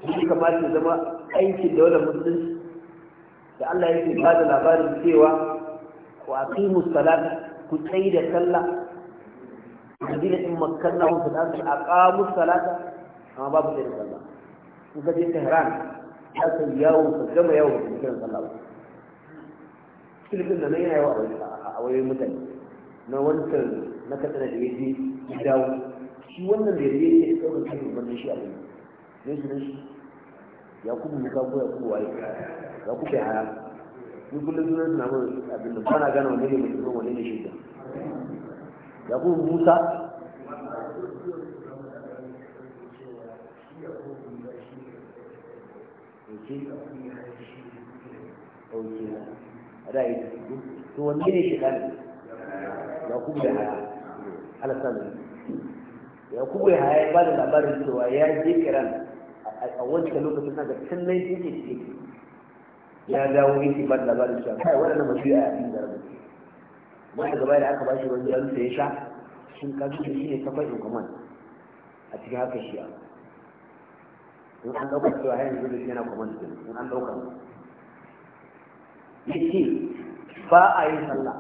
da shi kamata ya zama aikin daular musulunci da Allah yake ba da labarin cewa wa aqimu salat ku tsayi da sallah alladina in makkannahu fil a kawo musalata? amma babu tsayi da sallah in ka je Tehran ya kan yawo ka gama yawo da kiran sallah filifin da nan yana yawa a wayoyin mutane na wancan na katsina da ya je ya dawo shi wannan da ya je ya ɗaukar kan wannan shi a wani ne shi shi ya kuma muka ko ya kuma waye ya kuma ya haya ni kullum suna mun abin da ba na gane wani ne mai tsoron wani ne shi ya kuma musa ɗauke na ra'ayi da su to wanne ne shi ɗan ya ya haya alasan ya kuma ya haya ba da labarin cewa ya je kiran a wancan lokacin na ga can nan yake ya dawo yake ba da labarin cewa kai waɗannan masu yi a yaƙin da rabu da gaba da aka ba shi wani jarusa ya sha shin kasu shi ne ta faɗin kwaman a cikin haka a. in an ɗauka cewa har yanzu da shi yana kwamanta kenan in an ɗauka yake ba a yin sallah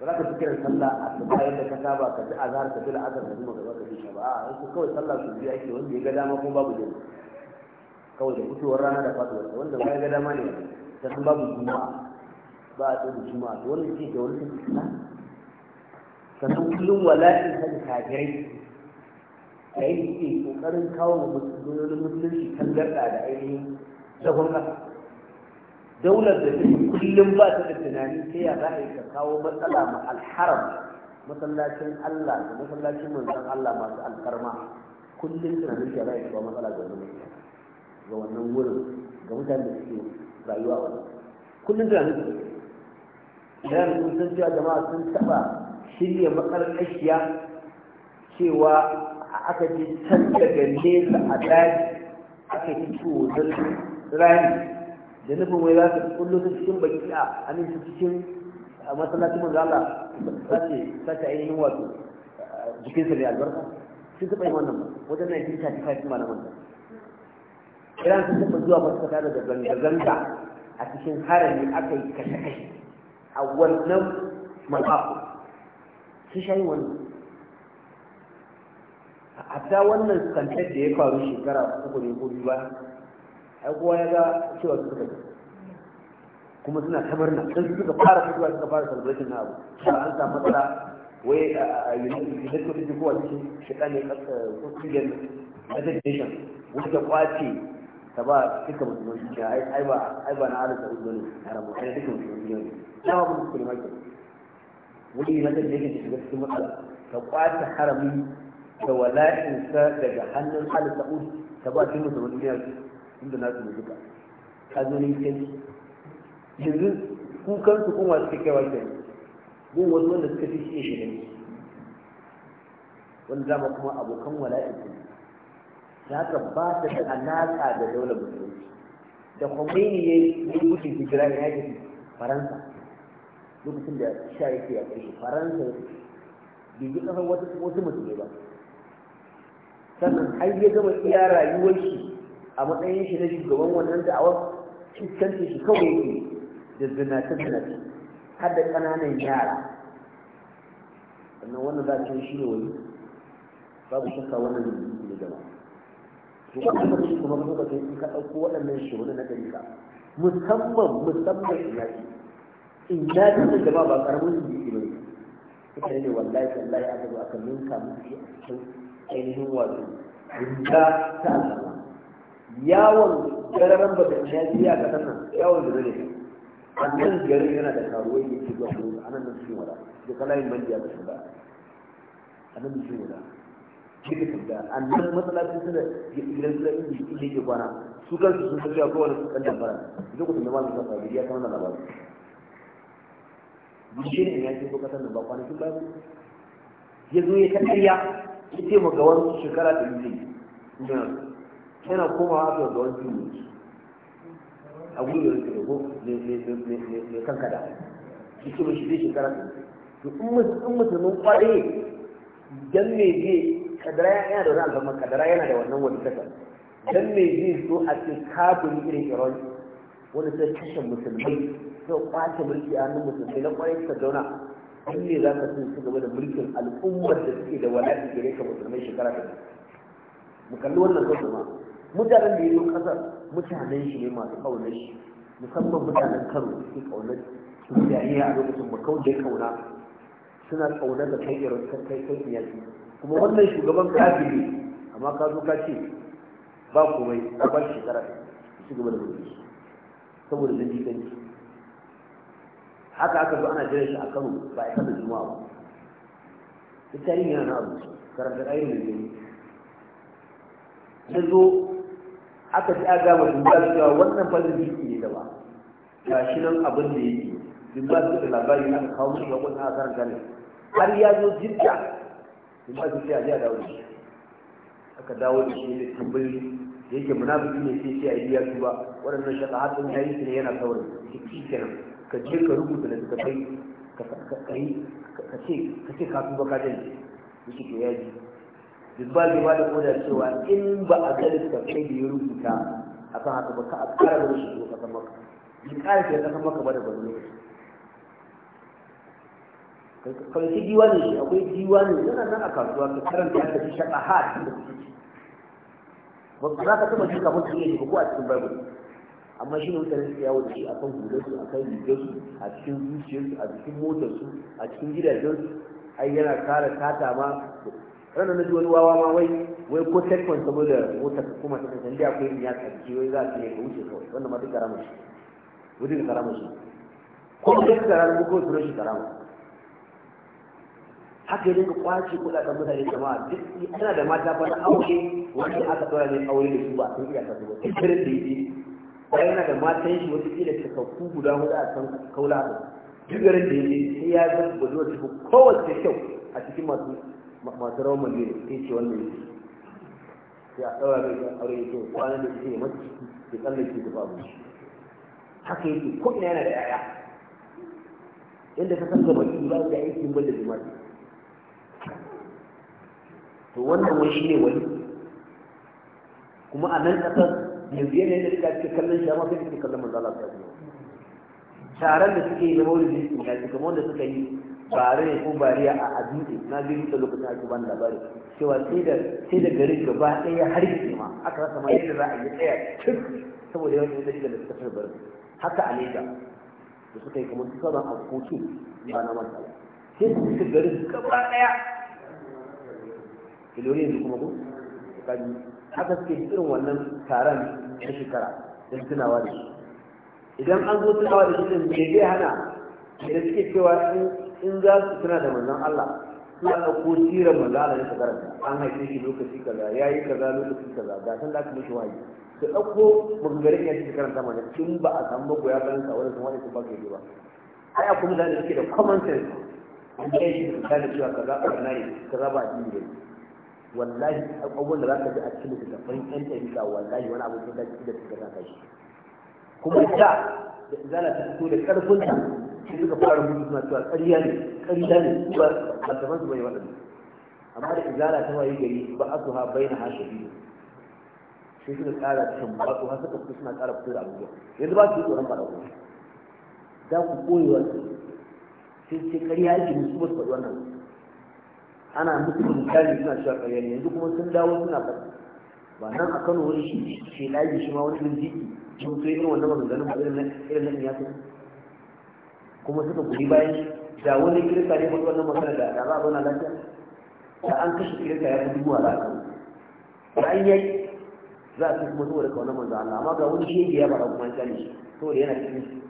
ba za ka fi kiran sallah a sabba yadda ka saba ka ji azhar ka ji la'azar ka ji magana ka ji shaba a yanzu kawai sallah su biya ake wanda ya ga dama kuma babu jini kawai da fitowar rana da faɗuwar wanda ba ya ga dama ne ta san babu juma'a ba a tsaye juma'a to wannan ce da wani ta sannan kullum wala'in ta kafirai da yi ke kokarin kawo musulmanin musulunci kan garɗa da ainihin sahun ƙasa daular da take kullum ba ta da tunani ta ya za a yi ka kawo matsala ma alharam masallacin Allah da masallacin manzon Allah masu alkarma. kullum tunanin ta za a yi kawo matsala ga wannan ga wannan wurin ga mutanen da suke rayuwa wannan kullum tunanin su idan sun kusan cewa jama'a sun taɓa shirya makarƙashiya cewa aka ji can daga nesa a daji aka yi ciwo don rani da nufin wai za su kullo su cikin baki a hannun su cikin masallacin manzo Allah za ce za ta ainihin wato jikinsa mai albarka sun taɓa yin wannan ba wajen na jin shafi kafin malaman nan iran sun taɓa zuwa masu kata da zanga-zanga a cikin harami aka yi kashe-kashe a wannan mafafo sun sha yin wannan hatta wannan kantar da ya faru shekara uku ne ko biyu ba ai kowa ya ga cewa suka yi kuma suna ta murna dan suka fara fitowa suka fara celebration na abu har an samu matsala wai a UNESCO ta kowa cikin shekara ne kungiyar United Nations wanda kwace ta ba duka musulmanci ai ba ai ba na halin da uzo ne haramu ai duka musulmanci ne dama ba musulmanci wani United da suka cikin matsala ta kwace haramin da wala'insa daga hannun Ali Sa'ud ta ba cikin mutum duniya inda na ne duka ka zo ne kai yanzu kukan su kuma suke kaiwa kai bin wasu wanda suka fi shi shi ne wanda dama kuma abokan wala'insa da haka ba ta da alaƙa da daular musulunci da Khomeini ya yi gudun hijira ya yi Faransa lokacin da sha yake ya kai Faransa bai yi ƙasar wasu musulmi ba sannan har ya gama iya rayuwar shi a matsayin shi na shugaban wannan da'awar cikin shi kawai yake da zinace zinace har da ƙananan yara sannan wannan za ta shi ne wani babu shakka wannan ne gama. to kuma kuma shi kuma kuma kai in ka ɗauko waɗannan shi wani na ɗarika musamman musamman shi. inaki inaki da jama'a ba ƙaramin jiki ba ne ita ne wallahi wallahi aka zo aka ninka musu shi a cikin ainihin wato riga ta alama yawon gararan bakan ya biya a ƙasar nan yawon da zai a nan garin yana da karuwai yake ke zuwa kuma a nan nan cikin wada da kalayin bandiya da shugaba a nan cikin wada cikin shugaba a nan matsalacin suna gidan da inda su ke kwana su kansu sun tafiya kowane wani kan jambara duk da ma su ka biya kamar da labarin bishe ne ya ce ko kasar nan ba kwanakin ba ya zo ya ta ɗaya ya ce ma ga wani shekara da yi yana koma haka ga wani ne a gwiwar da ko ne kan kada ya ce ma shi shekara da to in musulmin kwarai dan me zai kadara yana da wani alfama kadara yana da wannan wani kasa dan me zai so a ce kafin irin iran wani sai kashe musulmai sai kwace mulki a hannun musulmai na kwarai ta zauna don ne za ka sun gaba da mulkin al'ummar da suke da wala'i gare ka musulmai shekara ta biyu. mu kalli wannan kawai ma mutanen da ya yi kasar mutanen shi ne masu ƙaunar shi musamman mutanen kano da suke ƙaunar su yayi a lokacin makau da ya kauna suna ƙaunar da kai irin kai kai yaki kuma wannan shugaban kafiri amma ka zo ka ce ba komai ka ba shi shekara ta ci gaba da mulki saboda zai ji haka aka zo ana jiran shi a kano ba a kano juma'a ba ta tarihi yana na abu karanta ayyukan da yi ya zo aka ci aga ma da cewa wannan fannin jiki ne da ba ga shi nan abin da yake ba su da labari aka kawo musu ga wani aka karanta ne har ya zo jirka dumbal su sai a dawo da shi aka dawo da shi ne tambayoyi da yake munafiki ne sai sai a yi ya tuba waɗannan shaka hatsin ya yi su ne yana kawai shi kenan ka je ka rubuta da ka kai ka ce ka ba ka tuba ka jani yake to yaji dubba bai ba da koda cewa in ba a ka kai da ya rubuta kan haka ba ka a ƙara da shi zuwa ƙasar maka ya ƙara ke ƙasar maka ba da ba lokaci kawai giwa ne akwai ne, yana nan a kasuwa ka karanta ya tafi shaƙa har da suke ba za ka taɓa shi kafin su iya shi ba ko a cikin bible amma shi ne mutane suke yawo da shi akan kan akan rigarsu a cikin zuciyarsu a cikin motarsu a cikin gidajensu ai yana kara kata ma ran na wani wawa ma wai wai ko tekwan saboda motar kuma ta kasance da akwai ya kanci wai za a yi ka wuce kawai wannan ma duk karama shi wajen karama shi ko duk karama ko kuma shi karama haka ya ko kwace kudaden mutane jama'a duk yana da mata fa na aure wanda aka dora ne aure da su ba sun iya kasuwa, ba kirin da yi bayan yana da matan shi wata kila cikakku guda hudu a kan kaula duk garin da yake sai ya ga gwazo cikin kowace kyau a cikin masu masu rawar mandiyo sai ce wannan yake sai a ɗaura mai kan aure ce kwanan da yake masu ciki ya tsallake da babu shi haka yake ko ina yana da yaya inda ka san gaba ki ba da aikin da jima'i to wannan wani shi ne wani kuma a nan ƙasar yanzu yanayin da suka suke kallon shi amma sai suke kallon manzo Allah ta biyu taron da suke yi na maulidi jirgin ya suka wanda suka yi bare ne ko bariya a abinci na biyu da lokacin ake bani labari cewa sai da sai da garin gaba ɗaya har yi ma aka rasa ma yadda za a yi tsaya cik saboda yawan yadda da suka fi barin haka a leda da suka yi kamar suka a kotu ba na manta sai su suka garin gaba ɗaya ilorin da kuma ko kaji haka suke irin wannan taron na shekara don tunawa da shi idan an zo tunawa da shi din me zai hana da suke cewa in za su tuna da manzon Allah suna ko sirar manzon Allah ne su karanta an haife shi lokaci kaza ya yi kaza lokaci kaza ga san da aka mishi wahayi su ɗauko maganganun ya su karanta mana tun ba a samu magoya bayan sa wani sun wani sun ba ke ba ai akwai mutane da suke da common sense an yi shi su gane cewa kaza a ne kaza ba a cikin da wallahi abubuwan da za ka ji a cikin littattafan yan ɗariƙa wallahi wani abu da cikin da suka sa shi kuma da da izala ta fito da ƙarfin ta sai suka fara rubutu suna cewa ƙarya ne ƙarya ne ba a littattafan su bai waɗanda amma da izala ta waye gari ba a su ha bai na hashe biyu sai suka ƙara cin ba su ha suka fito suna ƙara fito da abubuwa yanzu ba su yi tsoron faɗa kuma za ku koyewa sai sai ƙarya ake musu ba su faɗi wannan ana musu misali suna cewa ƙarya ne yanzu kuma sun dawo suna faɗi ba nan a kano wani shi ke laji shi ma wani irin jiki sun so irin wannan maganganun ba irin nan ya so kuma suka guri bayan da wani kirista ne faɗi wannan magana da za a zauna lafiya da an kashe kirista ya fi dubu a ra'a da an yi, za a fi kuma saboda kaunar manzo Allah amma ga wani shi ya ba a kuma ya kyale shi saboda yana cikin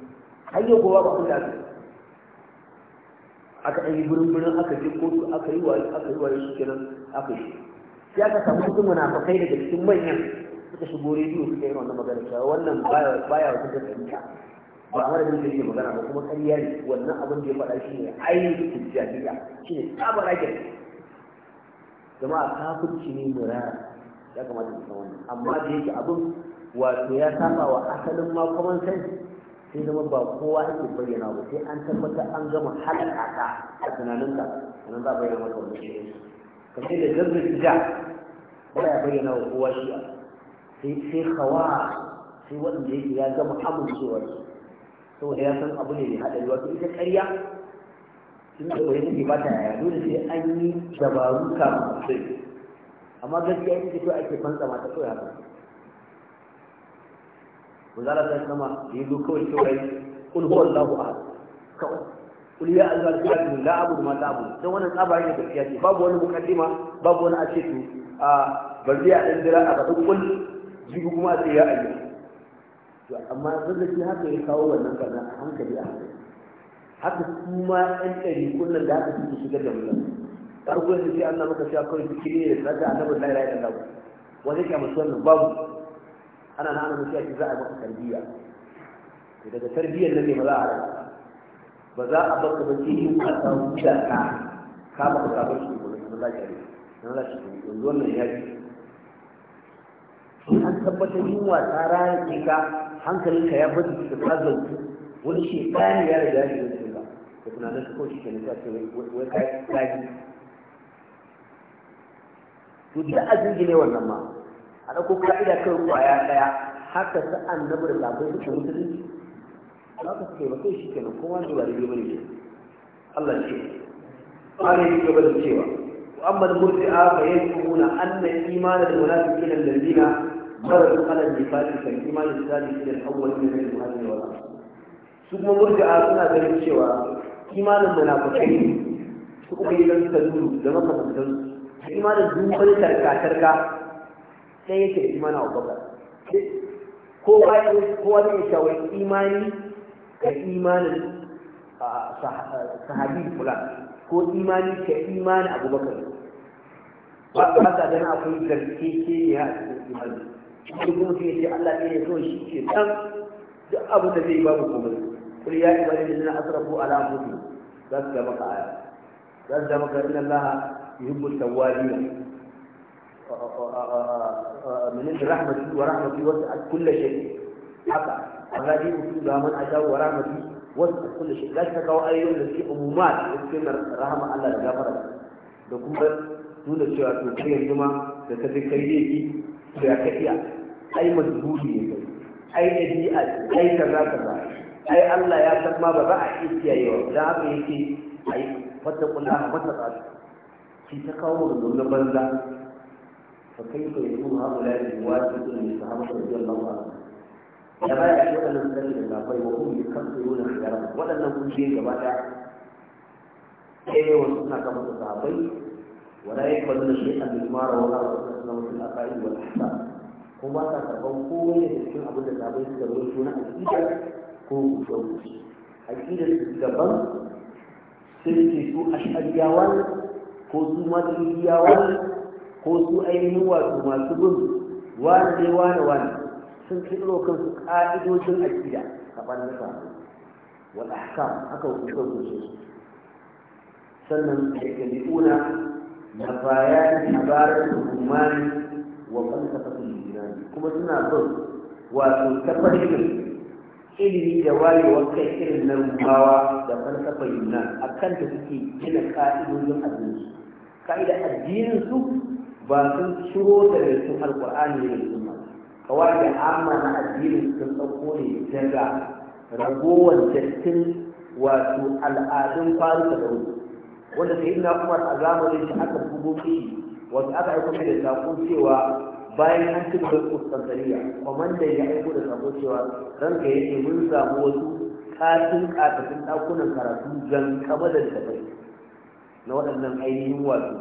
har yau gobe ba kun da aka ɗan yi burin aka je kotu aka yi waye aka yi waye shi kenan aka yi shi aka samu muna munafakai daga cikin manyan suka shigo rediyo suka yi wannan magana cewa wannan baya wata wata gaskiya ba a mara da yake magana ba kuma ƙarya ne wannan abin da ya faɗa shi ne ainihin tijjaniya shi ne tsabar ake jama'a kafirci ne murara ya kamata mu san wannan amma da yake abin wato ya saba wa asalin ma common sense sai zama ba kowa ake bayyana ba sai an tabbata an gama halaka ta a tunaninka sannan za a bayyana maka wani shi kamar da zarri da ba ya bayyana wa kowa shi a sai sai hawa sai waɗanda yake ya gama amincewa saboda ya san abu ne mai haɗari wato ita ƙarya tun da kwaye take ba ta yaya dole sai an yi dabaru kafin sai amma gaskiya ita ce ake fantsama ta kawai haka wazara ta sama yi yazo kawai kawai kul huwa allahu ahad kawai kul ya ayyuhal kafirun la abudu ma ta'budun dan wannan tsabari da gaskiya ce babu wani mukaddima babu wani a ce to a bari a dan jira a faɗi kul jibi kuma a ce ya ayyuha to amma sun da haka ya kawo wannan kaza a hankali a hankali haka kuma ɗan ɗari kullum da haka suke shigar da mutum farko yanzu sai Allah maka a kawai zikiri ne da a nan sadaka annabi la ilaha illallah wani kyamata wannan babu ana na ana mutuwa shi za a maka tarbiyya daga tarbiyyar nan ne ba za a rasa ba za a baka ba sai in ka samu da ka ka baka sabon shi ko na za ki na za ki yanzu wannan ya ji in an tabbatar yunwa ta raya ke ka hankalinka ya bata ka tsazantu wani shi ɗaya ya riga shi wani shiga da tunanin ka kawai shi ke nufa ce wai ka yi to duk a jingine wannan ma a ko ka'ida kan ya daya haka ta annabi da sabai suka musulunci za ka suke ba kai shi nan kowa ne ba da yi bane Allah ce ana yi gaba da cewa amma da mutu a ka yi tsumuna anna imanin da munafikin da lalina mara su da nifaki kan imanin da zai kiran ne da zai wala su kuma mutu a suna ganin cewa imanin munafikai su kuma yi dan suka zuru da makamantansu imanin duk wani tarka-tarka sai yake da imanin abubakar kowa kowa zai shawai imani ka imanin sahabi fulan ko imani ka imanin abubakar ba ba ta gana akwai garke ce ne a cikin imani shi kuma sai ce Allah ne ya so shi ke dan duk abin da zai babu komai kul ya ibadi da na asrafu ala mutu za su ga maka aya za su ga maka inna Allah yuhibbu tawwabin من رحمتي ورحمتي وسعت كل شيء haka amma dai mutum ga man ashawu wa rahmati wasu a kulle shi zaka kawo ayoyin da suke umumat da suke na rahama Allah da gafara da kuma nuna cewa to kai yanzu ma da ka kai laifi to ya kafiya ai mazbudi ne kai ai dabi'a ai kaza kaza ai Allah ya san ba za a iya kiyayewa da haka yake ai ki ta kawo mu banza فكيف يكون هؤلاء الواجب من الصحابه رضي الله عنهم da baya shi waɗannan sani da safai wa kuma kan su yona shigarar waɗannan kungiyoyi gaba ɗaya ɗaya wasu suna kama da safai wala ya kwallo shi a limara wa ala wasu suna wasu al'aƙari wa al'asa ko ba sa karɓan kowa ne da cikin abin da safai suka zo suna a ko kusa a su gaban sun ce su ashariyawa ko su ko su ainihin wato masu gudu wani dai wani wani sun kirlo kansu ka'idojin aƙida a ɓannin ba wadda haka aka hukunta hukunce su sannan da nuna na bayan labarin rumani wa falsafatul jirani kuma suna son wato tafarkin ilimi da wayewar kai irin na rumawa da falsafar yunan a kanta suke gina ka'idojin abinci, ka'idar addininsu ba sun ciro da cikin alkur'ani da sunna kawai da amma na addini sun ɗauko ne daga ragowar jattin wato al'adun faru da dauro wanda sai ina kuma a zamanin shi aka bugo shi wato aka aiko da sako cewa bayan an ci gaban Constantinople kwamandan ya aiko da sako cewa ranka yake mun samu wasu katin katafin ɗakunan karatu gan kama da tafai na waɗannan ainihin wato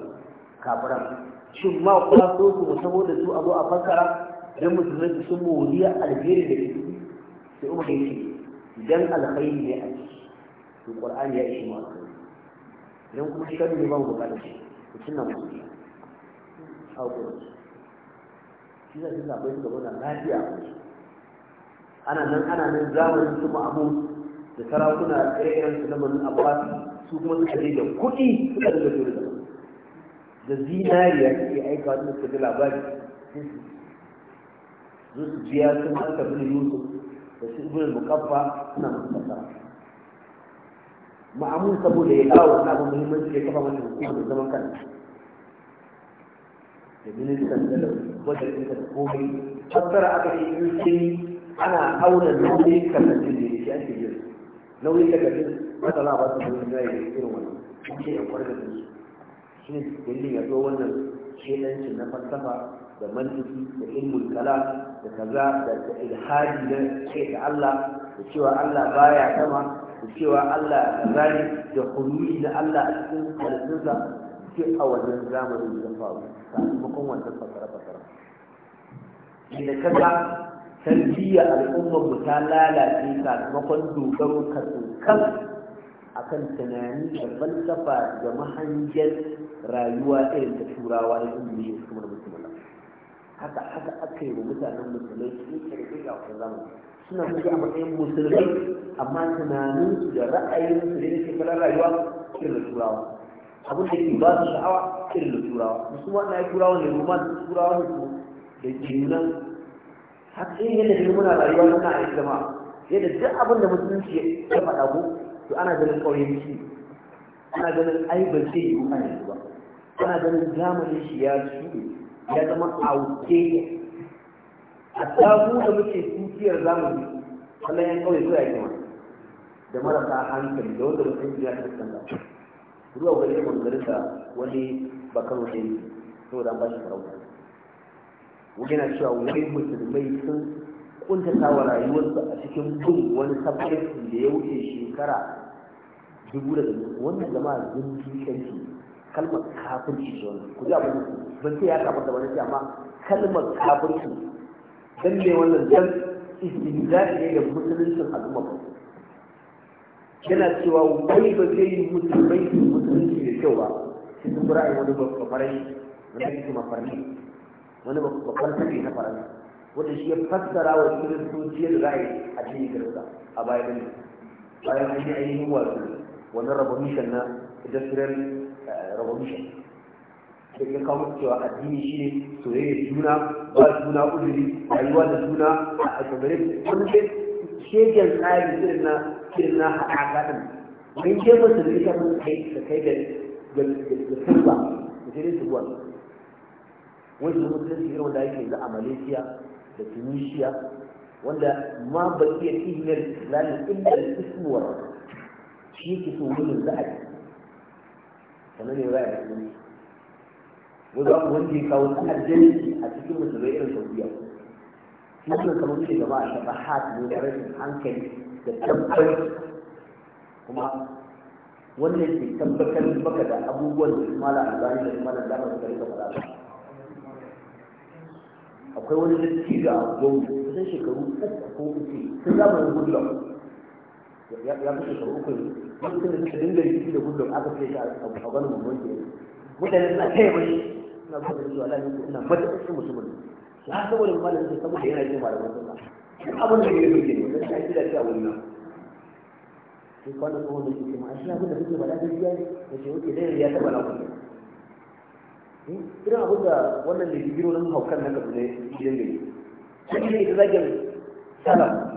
kafiran shin ma kula so su mu saboda su abu a fassara don musulmai su sun moriya alheri da ita sai umar ya ce idan alkhairi ne a ciki to qur'ani ya ishe mu alkhairi idan kuma sharri ne ba mu bukatar shi to sunna mu ne a gurin shi zai sunna bai da wannan lafiya ana nan ana nan zamanin su ma'amu da sarakuna ƙirƙirar su na manzon abuwa su kuma suka je da kuɗi suka daga dole da da zinariya ke aika wani suka ji labari zo su biya sun haka bin yusuf da su ibn mukaffa suna mutasa ma'amun saboda ya kawo wani abu muhimmanci ya kafa wani hukumar zaman kan da ministan da wajen ɗinka da komai tattara aka ce in sun ana auna nauyin kasashen da ya shi ake yin nauyin kasashen matsala ba su da irin wani ake yan kwarkatun su shi ne dalilin ya zo wannan kenanci na falsafa da mantiki da ilmul kala da kaza da ilhadi na ce da Allah da cewa Allah baya sama da cewa Allah rani da hululi na Allah a cikin halittunsa duk a wannan zamanin da faru sakamakon wannan fasara-fasara. Inda kaga tarbiyya al'ummar mu ta lalace sakamakon dogaro kan akan tunani da falsafa da mahanjar rayuwa irin ta turawa da inda ya kuma na haka haka aka yi wa mutanen musulmai sun kirkir a wasan zamani suna mutu a matsayin musulmai amma su da su da yake kalar rayuwa irin da turawa abin da ke ba su sha'awa irin da turawa Musulma na yi turawa ne ruman da turawa ne ko da jinan haka yin yadda ne muna rayuwa muna a zama yadda duk abin da musulunci ya faɗa ko to ana ganin ƙauyenci ana ganin ai ba zai yi ba ne ba ana ganin zamanin shi ya shuɗe ya zama auke a tabu da muke tutiyar zamani kallon yan kawai suna yi da marasa hankali da wanda mutum ya tsanda zuwa wani yawan da da wani bakar wani yi saboda an ba shi farauta wani na cewa wani musulmai sun kuntata wa rayuwarsa a cikin bin wani sabbin da ya wuce shekara dubu da dubu wannan jama'a zunzukanci kalmar kafirci ce wannan ku ji abin ban ce ya kafa da wani ce amma kalmar kafirci dan ne wannan dan istinza'i ne da musuluncin al'ummar ba yana cewa wani ba zai yi musulmai su musulunci da kyau ba shi sun bura yi wani babban farai wanda yake mafarni wani babban sarki na farai wanda shi ya fassara wa kiristoci yadda za a yi a cikin kirista a bayan bayan an yi ainihin wasu wani rabonishan na industrial revolution da ya kawo cewa addini shi ne soyayya juna ba juna uzuri rayuwa da juna a kamar wani dai shegen tsari irin na irin na haɗaka ɗin wani ke ba su rika mun kai da kai da da turba da sai dai su ruwa wani su mutunci irin wanda ake yanzu a malaysia da tunisia wanda ma ba iya ihimar islamin inda ismuwar shi yake so wani ke. sannan ne waya da kuma wai babu wanda ya kawo ta'addanci a cikin musulmai irin saudiya su suna kamar su gaba a shabahat ne da rashin hankali da tabbaci kuma wannan ke tabbatar maka da abubuwan da mala albani da da zama su karika faɗa akwai wani dattijo a gwamnati kusan shekaru uku ko uku sun zama zamanin goodluck ya fi shekaru uku ne lokacin da dinga da kullum aka ce shi a wani mummun ke mutane suna taya mai suna zuwa da cewa lalata ina matuƙar su mutumin ya saboda malamin su saboda yana jin malamin ba duk abin da ya rike ne don ta yi lafiya wani nan sai kwanan tsohon da shi, kuma a shi abin da kuke faɗa gaskiya ne da ke wuce dai ya taɓa lafiya hmm? irin abin da wannan da bibiro nan haukan na kasu ne gidan gari sai ne ita zagin salam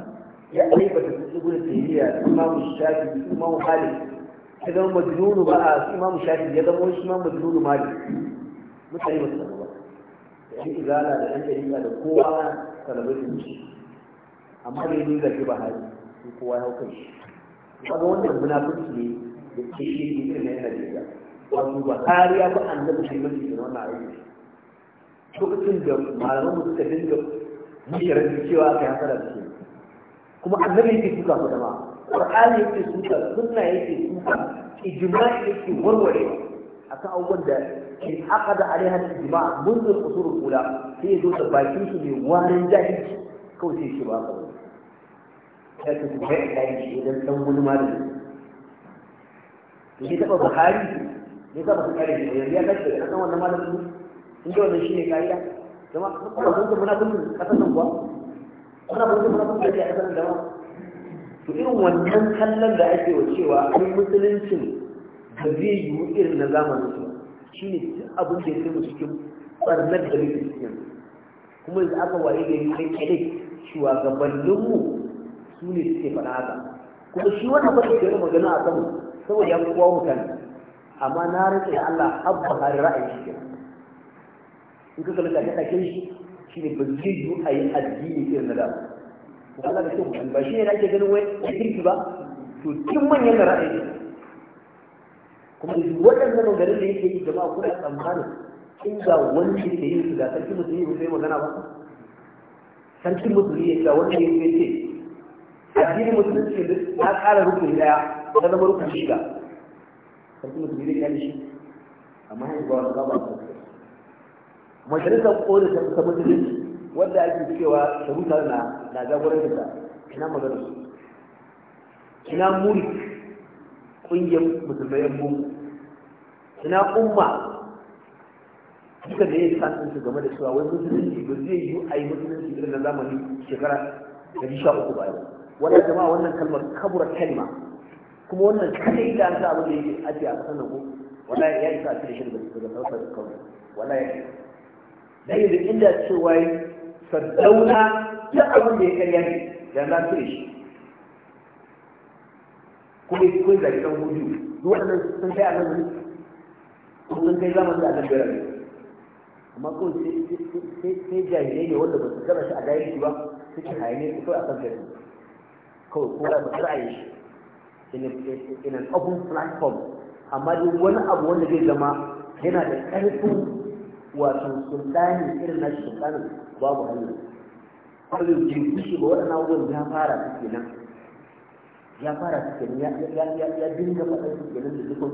ya aibata su ibn taymiya mu shafi mu malik ya zama majnunu ba a mu shafi ya zama wani imam majnunu malik mutane ba su zama ba shi izala da ɗan jarida da kowa talabijin shi amma dai ni ga ba hali sai kowa ya hau kan shi kaga wannan munafiki ne da ke shi ne irin na Najeriya wato ba kariya ba annabi sai mace da wannan aiki lokacin da malaman mu suka dinga mushirar cewa aka yi hasara da su kuma annabi yake suka su da ma qur'ani yake suka sunna yake suka ijma'i yake warware akan abubuwan da ke da alaiha ijma' منذ القصور kula sai zo da bakin su ne warin jahilci kawai sai shi ba ka ya ta kuma ya kai shi idan dan wani malami ne taba buhari ne taba su kare shi ya kace da san wannan malamin in da wannan shine kariya kuma kuma sun muna kun kasan nan kuwa kuna su da ya da irin wannan kallon da ake wa cewa ai musuluncin da zai yi irin na zamanin su ne cikin abin da ya fi mu cikin barnar da muke cikin kuma yanzu aka waye da yi kai kai shugabanninmu su ne suke faɗa haka kuma shi wannan ba shi yi magana a samu saboda ya kowa mutane amma na rike Allah abba har ra'ayi shi in ka kalli ka ta shi shine ne ba zai yi a yi addini irin na da ba Allah da kyau ba shi ne da ke ganin wai kirki ba to kin manyan na ra'ayi kuma da nan garin da yake yi jama'a kuna tsammanin in ga wanda yake yin su ga sarki musulmi ba sai magana ba sarki musulmi ya ga wanda yake ce addinin musulunci ya ƙara rukun ɗaya ta zama rukun shiga sarki musulmi zai da shi amma yanzu ba wani ba ba majalisar koli ta ta musulunci wanda ake cewa shahutar na na jagorancin ta ina magana su ina muri kungiyar musulmai yan boko ina umma duka da ya san su game da cewa wani musulunci ba zai yi a yi musulunci irin na zamani shekara da sha uku ba yau, wannan jama'a wannan kalmar kabura kalma kuma wannan kadai da an sa abin da yake ake a kasan nan ko wallahi ya isa a cire shi daga da kawai wala ya isa na inda cewa yi sadauna ta abin da ya karya ne da na ce shi kuma yi kun zari ɗan hudu duk sun kai a nan sun kai zamanin da annabi ne amma ko sai jahilai ne wanda ba su gama shi a gaya shi ba suke hayane su kawai a kan gari kawai kowa ba ra'ayi shi in an open platform amma duk wani abu wanda zai zama yana da ƙarfin wato sultani irin na sultani babu hanyar jirgin shi ba waɗannan abubuwan ya fara su kenan ya fara su kenan ya dinga faɗa su kenan da dukkan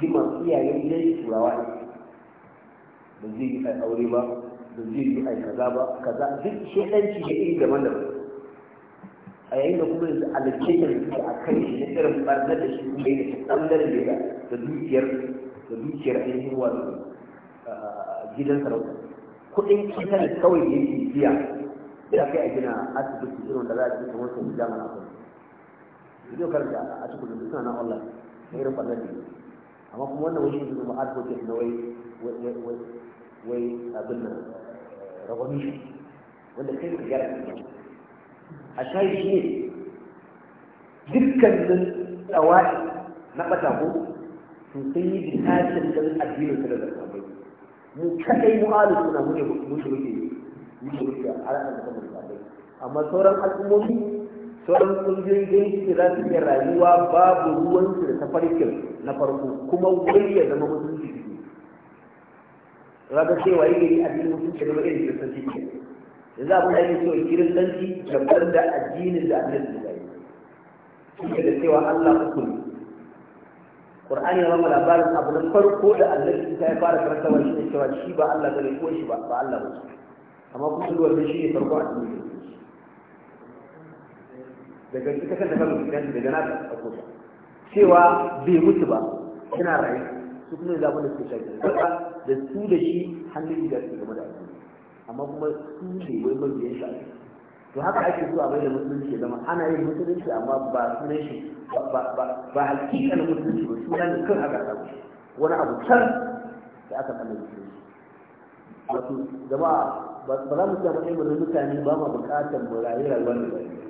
liman iyaye gidan turawa ne ba zai yi aure ba ba zai yi ai kaza ba kaza duk shedanci ya iri daban daban a yayin da kuma yanzu allocation da a kan shi na irin ɓarnar da shi kuma yi da tsallar da da dukiyar da dukiyar ainihin wato ah, gidan sarauta kuɗin intanet kawai da yake biya ya kai a gina asibiti irin da za a cikin wasu jami'an akwai video karanta a cikin suna na online da irin ɓallar da amma kuma wannan wani yanzu kuma advocate na wai wai abin nan eh, wanda kai ka gyara a shayi shi ne dukkanin tsawai na ɓata ko sun yi jihadin da addinin da zarfa mu kadai mu alu suna mu ne muke mu shi muke alaƙa da saboda sabai amma sauran al'ummomi sauran ƙungiyoyin gani suke za su iya rayuwa babu ruwansu da tafarkin na farko kuma wani ya zama musulunci suke za ka ce waye gari a addinin musulunci zama irin kiristanci ke yanzu abin da ake a kiristanci gabar da addinin da annabi ya yi suke da cewa Allah uku ne Qur'ani ya bamu labarin abu na farko da Annabi Isa ya fara karantawa shi ne cewa shi ba Allah bane ko shi ba ba Allah ba amma kuma duk wannan shi ne farko a cikin daga ita kanta kan mutum daga na farko cewa bai mutu ba yana rayu su kuma zamu da su shaƙi da su da shi hannun da su game da amma kuma su ne wai mabiyan shi to haka ake so a bayyana musulunci ya zama ana yin musulunci amma ba sunan shi ba hakikan musulunci ba sunan da kan aka samu wani abu can da aka kalla musulunci wato jama'a ba za mu samu ilimin mutane ba ma bukatar mu rayu rayuwar da rayu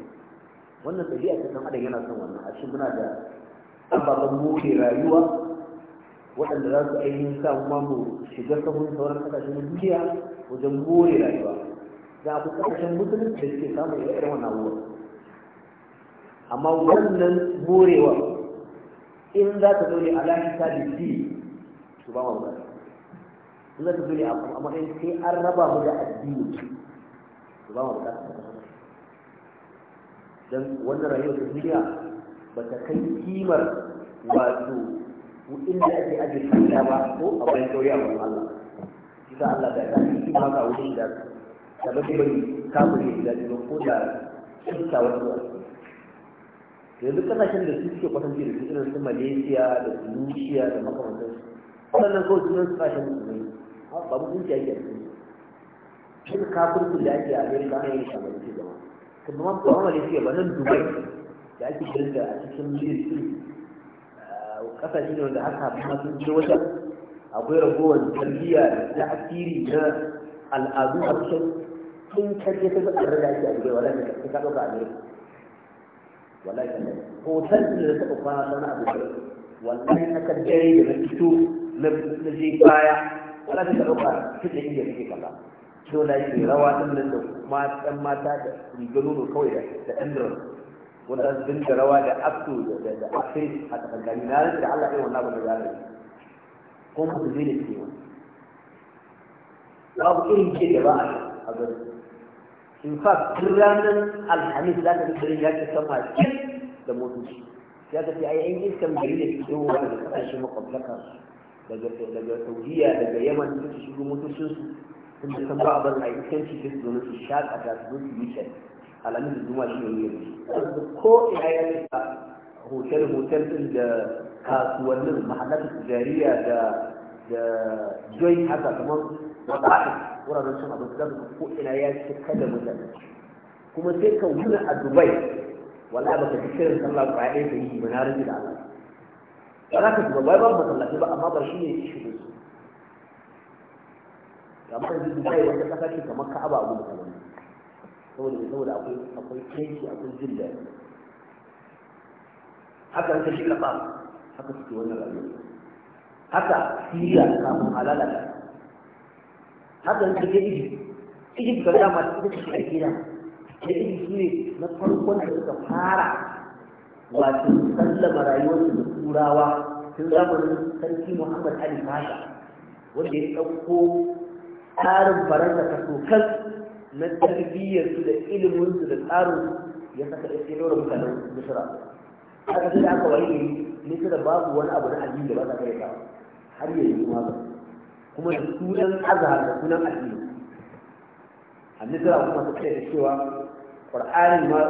wannan tafiya ta san adam yana son wannan a shi muna da ababen muke rayuwa waɗanda za su ainihin sa kuma mu shiga sahun sauran kasashen duniya wajen more rayuwa ga ku kasashen musulunci da suke samun irin wannan abubuwa amma wannan morewa in za ta zo ne a lafi ta dindi su ba wanda in za ta zo ne a in sai an raba mu da addini su ba mu bukata don wannan rayuwar duniya ba ta kai kimar wato da ake ajiye kanta ba ko a bayan kauye a wani Allah. Isa Allah da ya ta hikima ka wurin da da ba bai kamun ya gida ɗin ko da shirka wasu wasu yanzu kasashen da su suke kwatance da su irin su malaysia da tunisia da makamantan su waɗannan kawai su nan su kashe musulmai ba mu kunci ake yanzu shin kafirku da ake a amerika ana yin shamanci zama kuma ba ma malaysia ba nan dubai da ake kirga a cikin miliyoyi kasashe ne wanda haka kuma sun ce wata akwai ragowar tarbiyya da asiri na al'adu a cikin تنكر يتبقر رجاء جاي ولا نكر تكالو قاعدين ولا يتبقر إيه؟ هو تنزل أخوانا سنة أبو شيء ولا نكر جاي لبتو لبنزي بايا ولا تكالو قاعدين تدعين جاي فيك الله شونا يجي رواد من اللو ما تأما تاد يقولون الكوية تأمرون ولا تنزل رواد أبتو أخيز حتى تنزل نارد على أيوة نابو نزالي قوم بزيل السيوان أو إن كده بقى أبدا in fact duk ranar alhamis za ka bi garin ya ce sama cikin da motoci ya ka ce ai yan iskan gari da ke zuwa daga kasashen makwabtaka daga daga saudiya daga yaman da su shigo motocinsu sun da san ba a bar a iskanci da su domin su shakata su zo su yi shan alhamis da zuma shi ne yanzu ko ina ya ce hotel hotel din da kasuwannin mahallar tijariya da da joint haka kamar wata wuraren cin abinci za su ko ina ya ci kada mutane kuma sai ka wuna a dubai wala ba ka fi kiran sallah kwaya ɗaya ta yi ba na rage da Allah ba za ka ji ba ba masallaci ba amma ba shi ne shi ne amma yanzu dubai wata ƙasa ce kamar ka'aba abu da saboda saboda akwai akwai kenki akwai jin daɗi haka an ka shi kafa haka suke wannan rayuwa haka siriya kafin halalata hadda suka ke iji iji ga dama ita ce a gida da su ne na farkon da suka fara wato sallama rayuwarsu da turawa tun zamanin sarki Muhammad Ali Masha, wanda ya ɗauko tsarin faransa ta kan na tarbiyyarsu da iliminsu da tsarin ya saka da tsero da mutanen misra haka sai aka ne misra babu wani abu na addini da ba za ka yi har yanzu ma ba kuma da sunan azhar da sunan addini annabi da kuma su suka da cewa qur'ani ma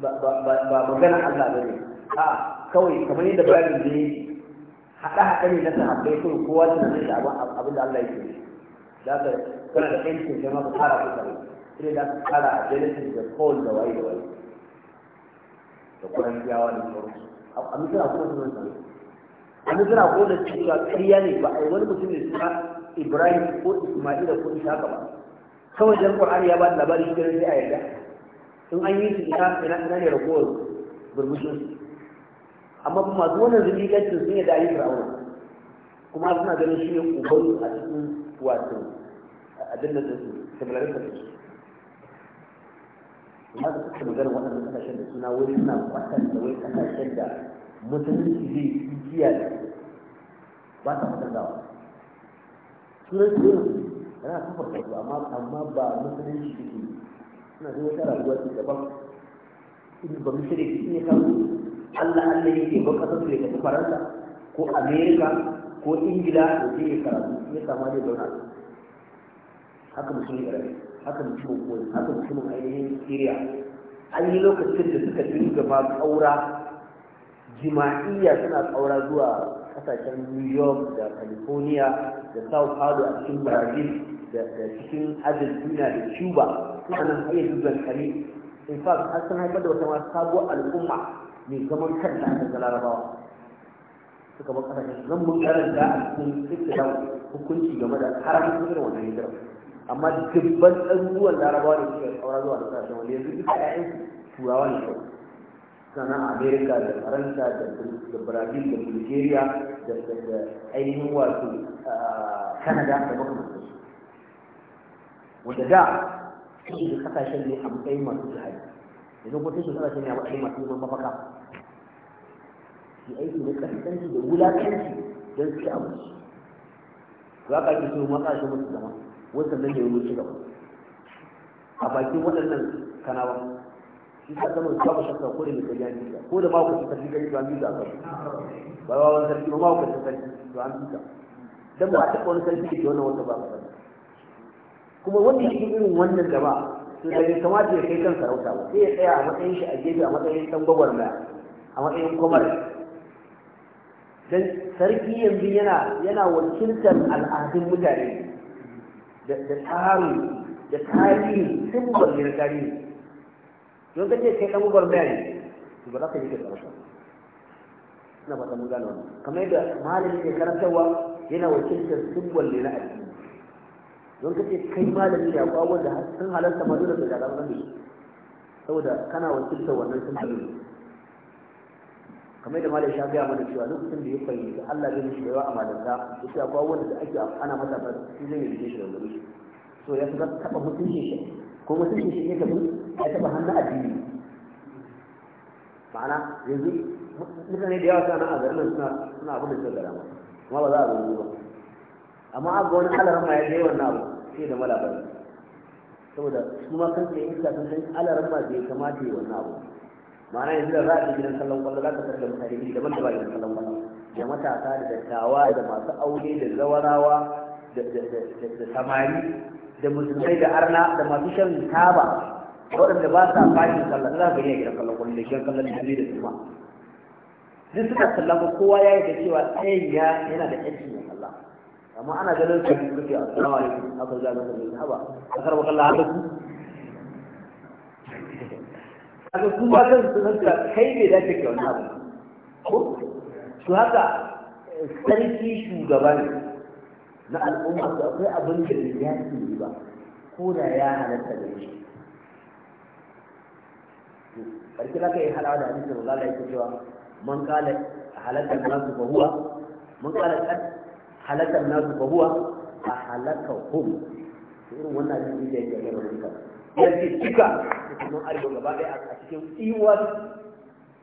ba magana Allah bane a kawai kamar yadda bayanin da hada hada ne na sahabbai kawai kowa tunanin da abin da Allah ya yake Za ka kana da ƴancin jama'a ka fara kusa sai da aka kara genesis da paul da waye da waye da kuran yawa da sauransu a misira kuma sunan sauransu wani suna koda cewa ƙarya ne ba a wani mutum ne suna ibrahim ko isma'ila ko ishaka ba kawai jan qur'ani ya ba da labarin shi ganin sai a yarda in an yi su ina ina ina ne ragowar burbushin amma kuma masu wannan zulikancin sun yi dalilin ayi kuma suna ganin shi ne ubaru a cikin wato abin da su similarin da su amma su suka magana waɗannan ƙasashen da suna wuri suna kwatanta wai ƙasashen da musulunci zai yi jiya da ba ta fitar dawa sunan turai yana kafa kasu amma amma ba musulunci suke suna zai wata rayuwa ce daban in ba musulunci ne kan Allah Allah yake ba kasar su ya tafi Faransa ko Amerika ko Ingila da zai ya karatu ya sama ne zauna haka musulunci ne haka ya koyi haka mutumin ainihin Syria an yi lokacin da suka dinga ba kaura. jima'iyya suna tsaura zuwa kasashen new york da california da sao paulo a cikin brazil da cikin argentina da cuba suna nan iya dubban kare in fact har sun haifar da wata ma sabuwar al'umma mai zaman kanta a kasar larabawa suka bar kasashen zan mun karanta a cikin ikirar hukunci game da haramcin irin wannan hijirar amma dubban ɗaruruwan larabawa da suke tsaura zuwa da kasashen wanda yanzu duka 'ya'yansu turawa ne kawai sana amerika da faransa da brazil da bulgaria da ainihin wato canada da makamantarsu wanda da su da kasashen ne a matsayin masu jihadi yanzu kuma sai su kasashen ne a matsayin masu neman mafaka su aiki da kasashenci da wulakanci don su ci abinci za ka ake so matsashen musu zama wasu nan da ya wuce gaba a bakin waɗannan kanawa shi ka zama da babu shakka ko da mai gari an ko da mako ta sarki gari to an biza ka ba ba wani sarki ba mako ta sarki to an biza dan ba a taɓa wani sarki da ke wannan wata ba ba kuma wanda yake irin wannan gaba to da bai kamata ya kai kan sarauta ba sai ya tsaya a matsayin shi a gefe a matsayin dan gwagwarmaya a matsayin kwamar dan sarki yanzu yana yana wakiltar al'adun mutane da tsarin da tarihi sun bayyana tarihi don kace kai dan gwagwarmaya ne to ba za ka yi ke karanta na fata mun mu wannan kamar yadda malami ne karantarwa yana wakiltar simbol ne na addini don kace kai malami ya akwai wanda sun halarta ma dole da ga zaman ne saboda kana wakiltar wannan simbol ne kamar yadda malami shafi a mana cewa lokacin da ya fahimci Allah zai mishi yawa a malanta ce akwai wanda da ake ana masa ba shi zai yi shi da shi. so ya taba mutunci shi ko mutunci shi ne ka A taɓa hannun addini ma'ana yanzu mutane da yawa suna a garin suna suna abin da suka gara ma amma ba za a gani ba amma abu wani alaran ma ya je wannan abu sai da malabari saboda su ma kan tsaye iska sun san alaran ma bai kamata ya wannan abu ma'ana yanzu da za a je gidan kallon kwallo za ka sarrafa mutane iri daban daban gidan kallon kwallo da matasa da dattawa da masu aure da zawarawa da samari da musulmai da arna da masu shan taba waɗanda ba sa fashin sallah za ka iya gidan kallon kwallon da gidan kallon jirgin da suma duk suka sallah ko kowa ya yi da cewa tsayin ya yana da yanci ne sallah amma ana ganin su ne kuke assalamu alaikum haka za ka sallah haba a wa kallon haka ku haka ku ba kan su san kai bai dace ke wani abu ko su haka eh, sarki shugaba ne na al'umma su akwai abin da ya ce ba ko da ya halatta da shi karshe za ka yi halawa da hadisin da zala yake cewa man kala halakar nasu ba huwa man kala kad halakar nasu ba huwa a halakar hum irin wannan hadisin da yake gaba da duka yanzu duka kuma arewa gaba ɗaya a cikin imuwa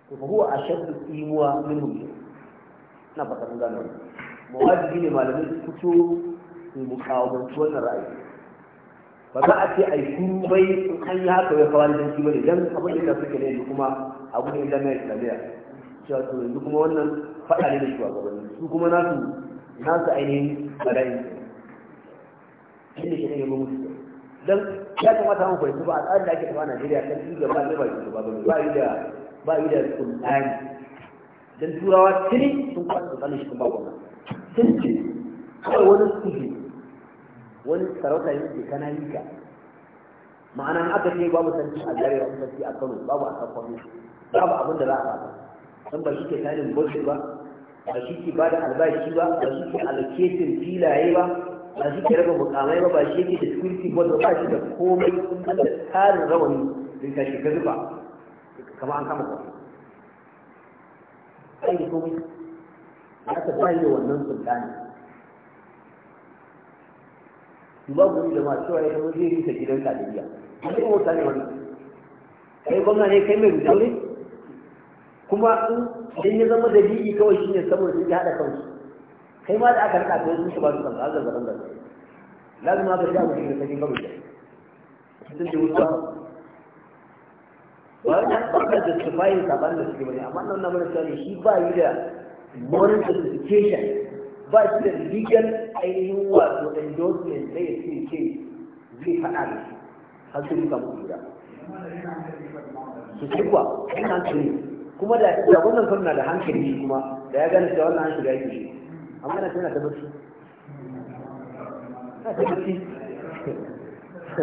to fa huwa ashaddu imuwa minhum na fatan gano mawajibi ne malamai su fito su mukawamanci wannan ra'ayi ba za a ce a yi kun bai an yi haka ya kawar da ba ne, don abin da suke ne kuma abu ne da mai islamiyya cewa to yanzu kuma wannan faɗa ne da shugabanni su kuma nasu nasu ainihin bala'i shi ne shi ne mutu dan ya kamata mu fahimci ba a tsarin da ake tafa a Najeriya kan shi gaba ne ba shi ba ba yi da ba yi da sultani Don turawa tiri sun kwanta tsanin shi kuma ba Sun ce kawai wani suke wani sarauta yin ke kana yi ka ma'ana aka ce babu sarki a zarewa sarki a kano babu a sakwato babu abin da za a faɗa don ba shi ke tanin budget ba ba shi ke bada albashi ba ba shi ke allocating filaye ba ba shi ke raba mukamai ba ba shi ke da security board ba shi da komai kuma da tsarin rawani din ka shiga zuba kamar an kama kwafi ai da komai aka bayi wannan sultani ba guri da masu cewa ya zama zai rusa gidan kadiriya a cikin wata ne wani kai gwamna ne kai mai rusa kuma in ya zama da dalili kawai shine saboda sun haɗa kansu kai ma da aka rika ta yanzu su ba su kansu a zazzaban da lazim ma ka sha mutum da sakin kawai sun ji wuta ba wani ɓangaren da su bayin saɓanin da suke bane amma nan na mana cewa shi ba yi da moral justification ba shi da legal ainihin wato endorsement da ya ce ce zai faɗa da shi har su suka mutu da su ce kuwa ɗan hankali kuma da ya wannan kan na da hankali kuma da ya gane da wannan hankali ya ke shi amma na tana ta barci na ta barci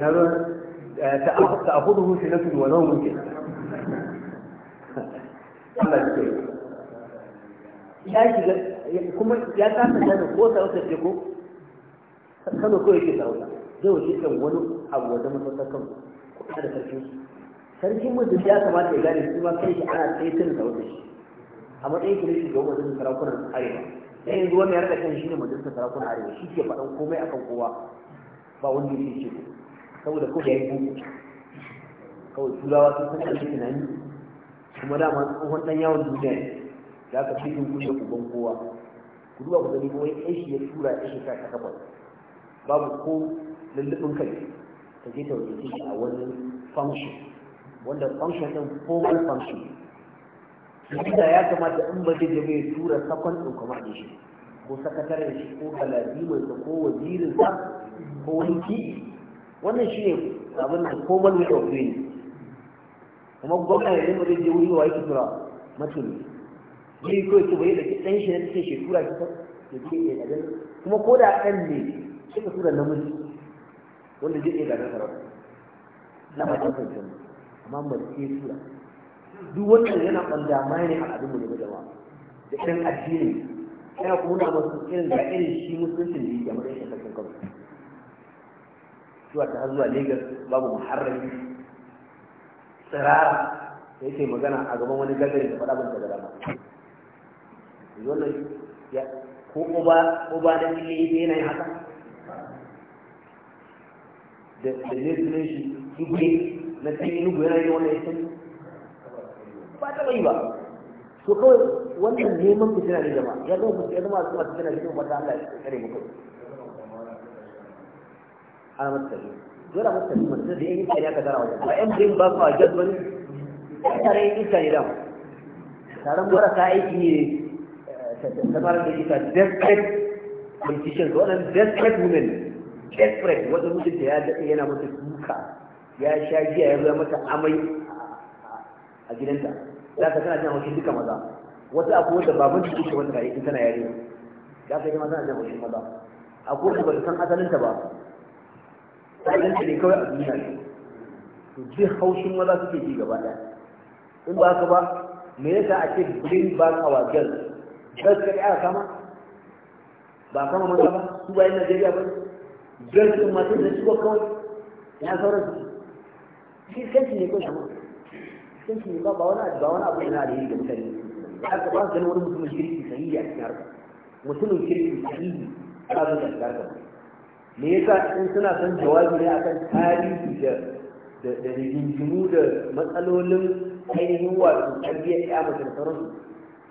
na ruwan تأخذه سنة ونوم كده ya shiga kuma ya kasa gane ko sarauta ce ko kano ko yake sarauta zai wuce ɗan wani abu wajen masarautar kan kuɗa da sarkin sarkin mutum ya kamata ya gane su ma kai shi ana tsaitin sarautar shi a matsayin kuma shi ga wajen sarakunan arewa sai yanzu wani ya rika kan shi ne majalisar sarakunan arewa shi ke faɗan komai a kan kowa ba wanda ya ce saboda ko ya yi bugu kawai turawa sun san ake tunani kuma dama tsohon ɗan yawon duniya ne da aka fi yin kuɗe uban kowa ku duba ku gani ko wai ɗan shi ya tura ɗan shekara ta takwas babu ko lullubin kai ta je ta wakilci shi a wani function wanda function ɗin formal function da ya kamata in ba zai bai tura sakon ɗin kuma a shi ko sakataren shi ko galadimarsa ko wazirin wazirinsa ko wani kiɗi e. wannan shi ne abin da formal way of doing kuma gwamna yanzu ba zai je wuri wa yake tura mutum zai ko ce bai da ɗan shi ne take shekura ki ta da ke da gaba kuma ko da ɗan ne suka tura namiji wanda zai iya gadan sarauta na ba ta kankan amma ba ke tura duk wannan yana banda mai ne a al'adunmu ne jama'a da ɗan addini yana kuma nuna masu irin da irin shi musuluncin da yake a matsayin shakakken kawai zuwa ta har zuwa lagos babu muharrami tsirara da yake magana a gaban wani gagari da faɗa ban da rama wannan ya ko uba uba da ne yana yi haka da da ne sunan shi dubbe na cikin nugu yana yi wannan yasin ba ta bai ba to kawai wannan neman fitina ne jama'a ya zama fitina ya zama su masu fitina shi kuma ta Allah ya kare muku ana mutane dole mutane mutum da yayin kariya ka gara wajen ba yan jin ba ka jadwali tare yin ita ne da marasa aiki ne ta da ita desperate desperate women desperate wata mutum da ya daɗe yana mata duka ya sha ya zuwa mata amai a gidanta za ka tana jin haushin duka maza wata akwai wata shi wata tana yare za ka yi maza akwai wata ba ta san asalinta ba asalinta ne kawai a duniya ne to duk haushin maza suke ji gaba ɗaya in ba ba me yasa a ce bring back our girls dan suka aka kama ba kama maza ba su ba yin Najeriya ba dan su masu da su kawai ya sauran su shi kanci ne ko ma. kanci ne ba ba wani ba wani abu da na alheri da mutane ya ka ba su wani mutumin kirki sahihi a cikin harkar mutumin kirki sahihi a cikin harkar me yasa in suna son jawabi ne akan tarihi da da rigingimu da matsalolin ainihin wato tarbiyyar ya mace da sauransu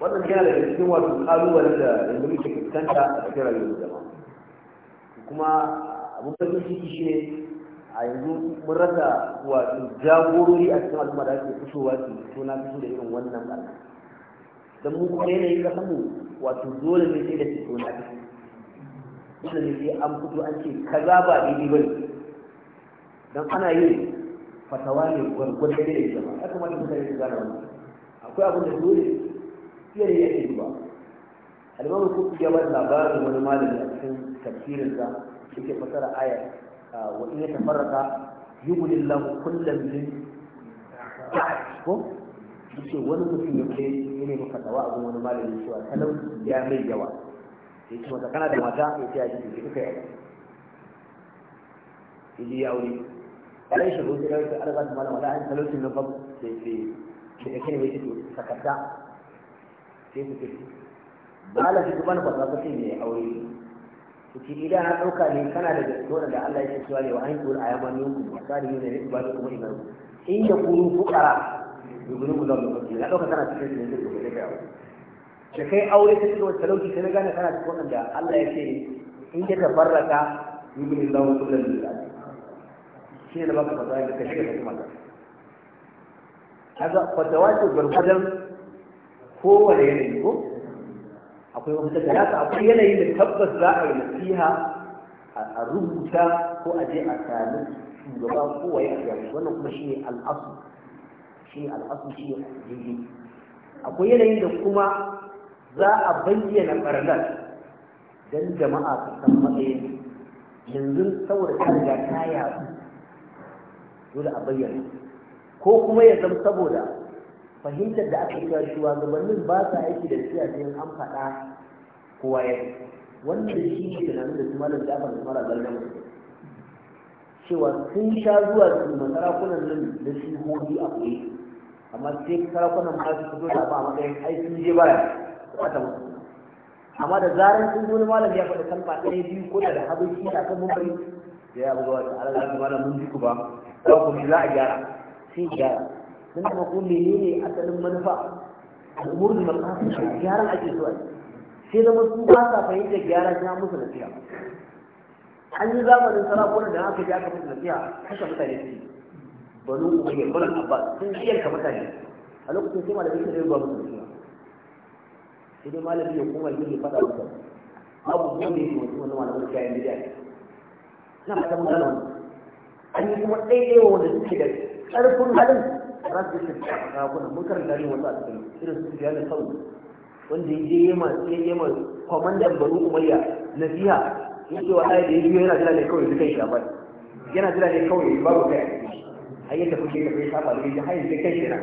wannan yana da cikin wato kalubalen da yanzu muke fuskanta a cikin rayuwar jama'a kuma abin shi shi ne a yanzu mun rasa wato jagorori a cikin al'umma da ake fitowa su suna fito da irin wannan barna don mu kuma yanayin kasan mu wato dole ne sai da fito na fito dole ne sai an fito an ce kaza ba daidai ba ne don ana yin fatawa ne gwargwar da ya zama ya kamata mutane su gane wannan akwai abin da dole yanayi yake duba alimamu kuku ya bada labarin wani malami a cikin tafsirinsa yake fasara aya wa in ya tafarraka yugulillahu kullum min ko yace wani mutum ya kai ya nemi fatawa abin wani malami cewa talauci ya mai yawa ya ce mata kana da mata ya ce ya ce ke kuka yi ya ji ya aure alai shi rufe ya ce an gasa malama da an talauci na babu ke sai da kai ne ya ce to sakata sai ku fito ba la fito ban fasa ba ce ne aure ci idan na ɗauka ne kana da dole da Allah ya ce cewa ne wa an kula a ne ku ba sa da ne ne ba ku mai garu in ya ku fukara ku gudu mu zama lokaci na ɗauka kana cikin ne ku da aure da kai aure ta cikin wata talauci sai gane kana cikin wanda Allah ya ce in ka tabarraka ya gudu mu wasu da lura shi ne ba ka fasa da ka da kuma ka kaga fatawa ce gwargwadon kowane yanayi ko akwai mafita da haka akwai yanayi da tabbas za a yi nasiha a rubuta ko a je a sami shugaba kowaye a gari wannan kuma shi shine al'asu shine al'asu shine jirgin akwai yanayin da kuma za a bayyana ɓarnar don jama'a su san matsayin yanzu saboda ta riga ta yaɗu dole a bayyana ko kuma ya zama saboda fahimtar da aka cewa gabanin ba sa aiki da siya sai an faɗa kowa ya wanda shi ne tunanin da su malam jafar su mara zalda musu cewa sun sha zuwa su masarakunan nan da shi hodi a kuɗi amma sai sarakunan ma su fito da ba a matsayin ai sun je baya ta musu amma da zarar sun zo malam ya faɗi kalma ɗaya biyu ko da habashi da akan mumbari da ya buga wata alaƙa malam mun ji ku ba ko ku za a gyara sai gyara sun kuma ko menene asalin manufa da makasin gyaran ake so a sai zama su ba sa fahimtar gyara ta musu nasiha an yi zamanin sarakuna da haka ji aka musu nasiha kashe mutane su kuma umayya bala Abba sun iya ka mutane a lokacin sai malabi sai ba musu nasiha sai dai malami ya koma yi faɗa musu abubuwan ne ne wasu wani malamin kayan da ne na fata mun gano an yi kuma ɗaiɗaiwa wanda suke da ƙarfin halin za su yi kafuna mun karanta ne wasu a cikin irin su biya da sauri wanda ya yi ma ya yema kwamandan baro umayya Ya ce wa ɗaya da ya biyo yana jira ne kawai duka yi shafar yana jira ne kawai babu kai a yi tafi kai tafi shafa da ya hayin sai kai shi na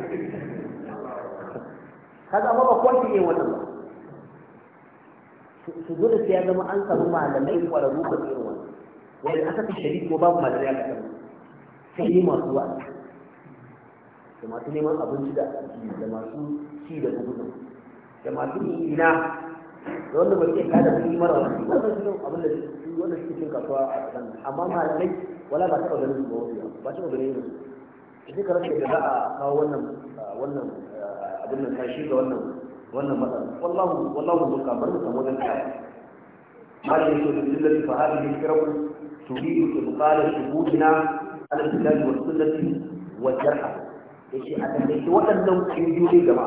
kaga amma ba kowa ke yin wannan ba su zo sai ya zama an samu malamai kwararru ba irin wannan Wani aka fi shari'a ko babu malamai a kasar sai yi masu wa'azi da masu neman abinci da addini da masu ci da gudu da masu ina da wanda bai kai da kuma mara wani wannan shi abin da su wanda suke cin kasuwa a kasan amma malamai wala ba taɓa ganin su ba wasu ba taɓa ganin su idan ka rasa da za a kawo wannan wannan abin nan kashi ga wannan wannan matsala wallahu wallahu ka bar mu samu wannan kaya malin su da dillati fa hadhihi fikratu tubidu ibqala shuhudina ala al wa sunnati wa jarha ya ce a tattaki waɗannan ne gaba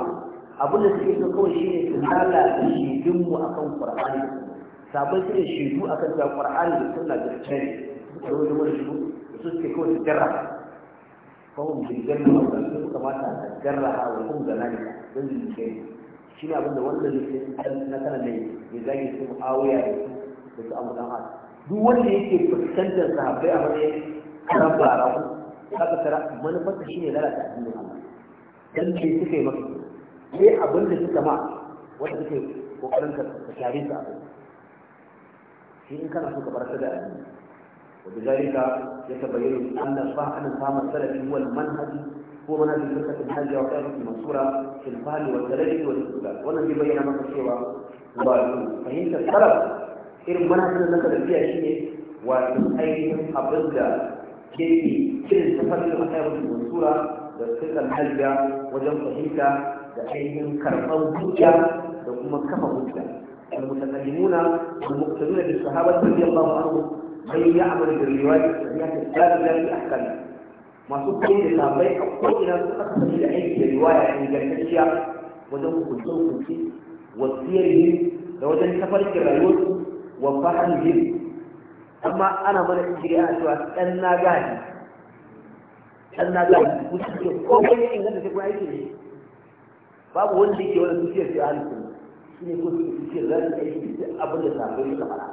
abin da suke so kawai shi ne su lalata shaidunmu a kan ƙwar'ani sabon su da shaidu a kan ƙwar'ani da suna da cari suka yi wani wani shigo da su suke kawai su jarra kawai da jarra a wani su kamata a jarra a wani kuma da nani don su suke shi ne abin da wannan ne na kana ne ya zage su awuya da su da su abu dan duk wanda yake fuskantar sahabbai a matsayin karan bara kaga tara manufar ta shine lalata addinin Allah dan ce suka yi maka ne abin da suka ma wanda suke kokarin ka ka share su abin shi in kana so ka bar da addini wa bidalika ya tabayyana anna sahana samar salafi wal manhaji ko mana da suka tafi hajji wa kai su mansura fil fali wa salafi wa sulal bayyana maka cewa ba su fahimta salaf irin manhajin da suka tafiya shine wa ainihin abin da ke irin ta farin wata yawon mansura da sirran halga wajen fahimta da ainihin karɓar hujja da kuma kafa hujja المتكلمون والمقتدون بالصحابة رضي الله عنهم من يعمل بالرواية الصحيحة الثالثة لأحكامها masu kuɗi da labai a ko'ina su aka da aiki da riwaya a ingantacciya wajen hukuncin hukunci wasiyar yin da wajen tafarkin rayuwarsu wa fahimhin amma ana mana injiri ana cewa ɗan na gani ɗan na gani kusa ke ko kai inganta ta kuma aiki ne babu wanda yake wani zuciyar hali kuma shi ne ko su zuciyar za su aiki da abin da safai suka fara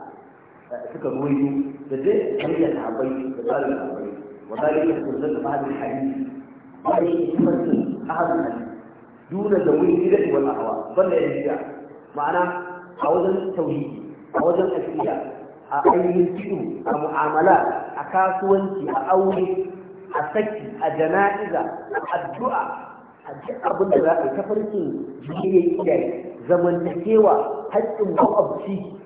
suka goyi da zai hanyar sahabbai da tsarin sahabbai wa zalika sunnat da mahadin hadisi ba ne kimanin ahadin hadisi duna da wuri wani hawa ban da banda ya ma'ana a wajen tauri a wajen aqida a ainihin kiɗu a mu'amala a kasuwanci a aure a saki a jana'iza a addu'a a duk abin da za a yi ta farkin jiyayyen iyaye kewa haƙƙin maƙwabci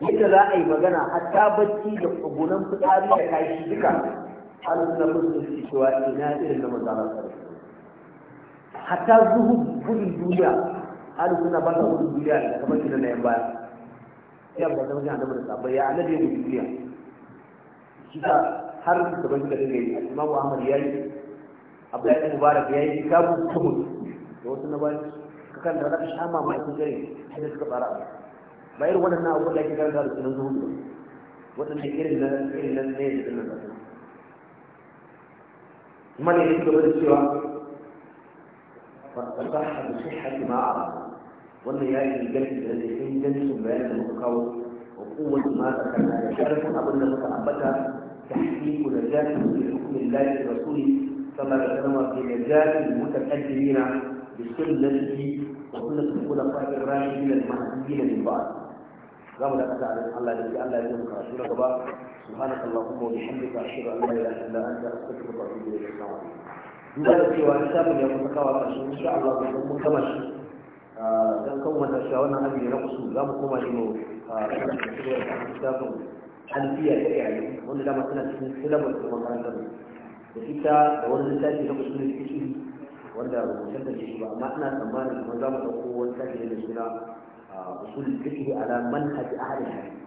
yadda za a yi magana hatta bacci da tsugunan fitsari da kashi duka da na su cewa ina irin na mazalar sarki hatta zuhu gudun duniya halin suna ba da gudun duniya da kamar shi na yan baya ya ba zama jihar da sabai ya annabi ya gudu duniya shi ta har da ban da dinga yi imamu ahmad ya yi abdullahi ibn mubarak ya yi kitabu kubut da wasu na bayan ka kan da zaka shama mai kun gare shi da suka fara ba irin waɗannan abubuwan da ake karanta da sunan zuhudu ba waɗanda irin nan irin nan ne da dinnan zasu kuma ne ya ci gaba da cewa فارتفعت بصحة ما أراد wannan ya yi ganci da zai kai gancin bayanin da muka kawo wa kowace ma tsakanin da sharafin abin da muka ambata تحقيق نجاة بحكم الله ورسوله كما ذكرنا في نجاة المتقدمين بسنته وسنة الخلفاء الراشدين المهديين من بعد. غاب لك تعالى الله الذي الله يجزاك رسول الله سبحانك اللهم وبحمدك أشهد أن لا إله إلا أنت أستغفرك وأتوب إليك السلام عليكم. Duk da cewa lissafin ya kusa kawo ƙarshe, insha Allah, mun don kan wata shi wannan hali na usul za mu koma ne mu littafin alfiya ta yayi wanda dama tana cikin silabar da makarantar da ita da wani littafi na usul fiqh wanda rubutun da shi ba amma ina tsammanin kuma za mu dauko wani tashi da suna usul fiqh ala manhaj ahli hadith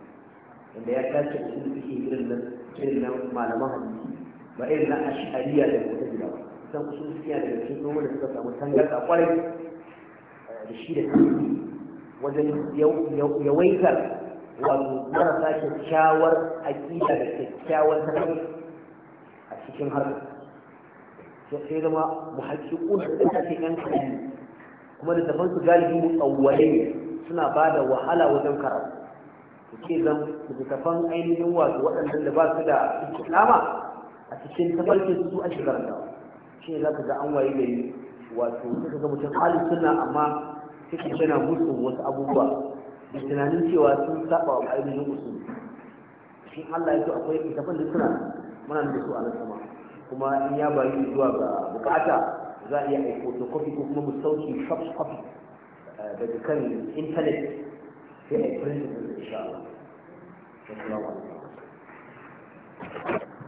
wanda ya tace usul fiqh irin nan irin nan malaman hadisi ba irin na ash'ariyya da mu'tazila ba san usul fiqh da cikin kuma da suka samu tangarda kwarai da shi da wajen yawaitar wato marasa kyakkyawar aƙida da kyakkyawar tattalin a cikin harkar sai zama mu muhakkikun da ta ce yan kaɗan kuma da tafan su galibi mutsawwale suna ba da wahala wajen karatu su ke zan littattafan ainihin wasu waɗannan da ba su da islama a cikin tafarkin su a shigar da shi ne za ka ga an waye gari wato suka ga mutum halin suna amma suke tana musu wasu abubuwa da tunanin cewa sun saba wa ainihin usul shi Allah ya so akwai littafin da suna muna da su a nan sama kuma in ya bayi zuwa ga bukata za a iya aiko to kofi ko kuma mu sauki soft copy eh, daga kan intanet sai a yi printing insha Allah. Assalamu alaikum.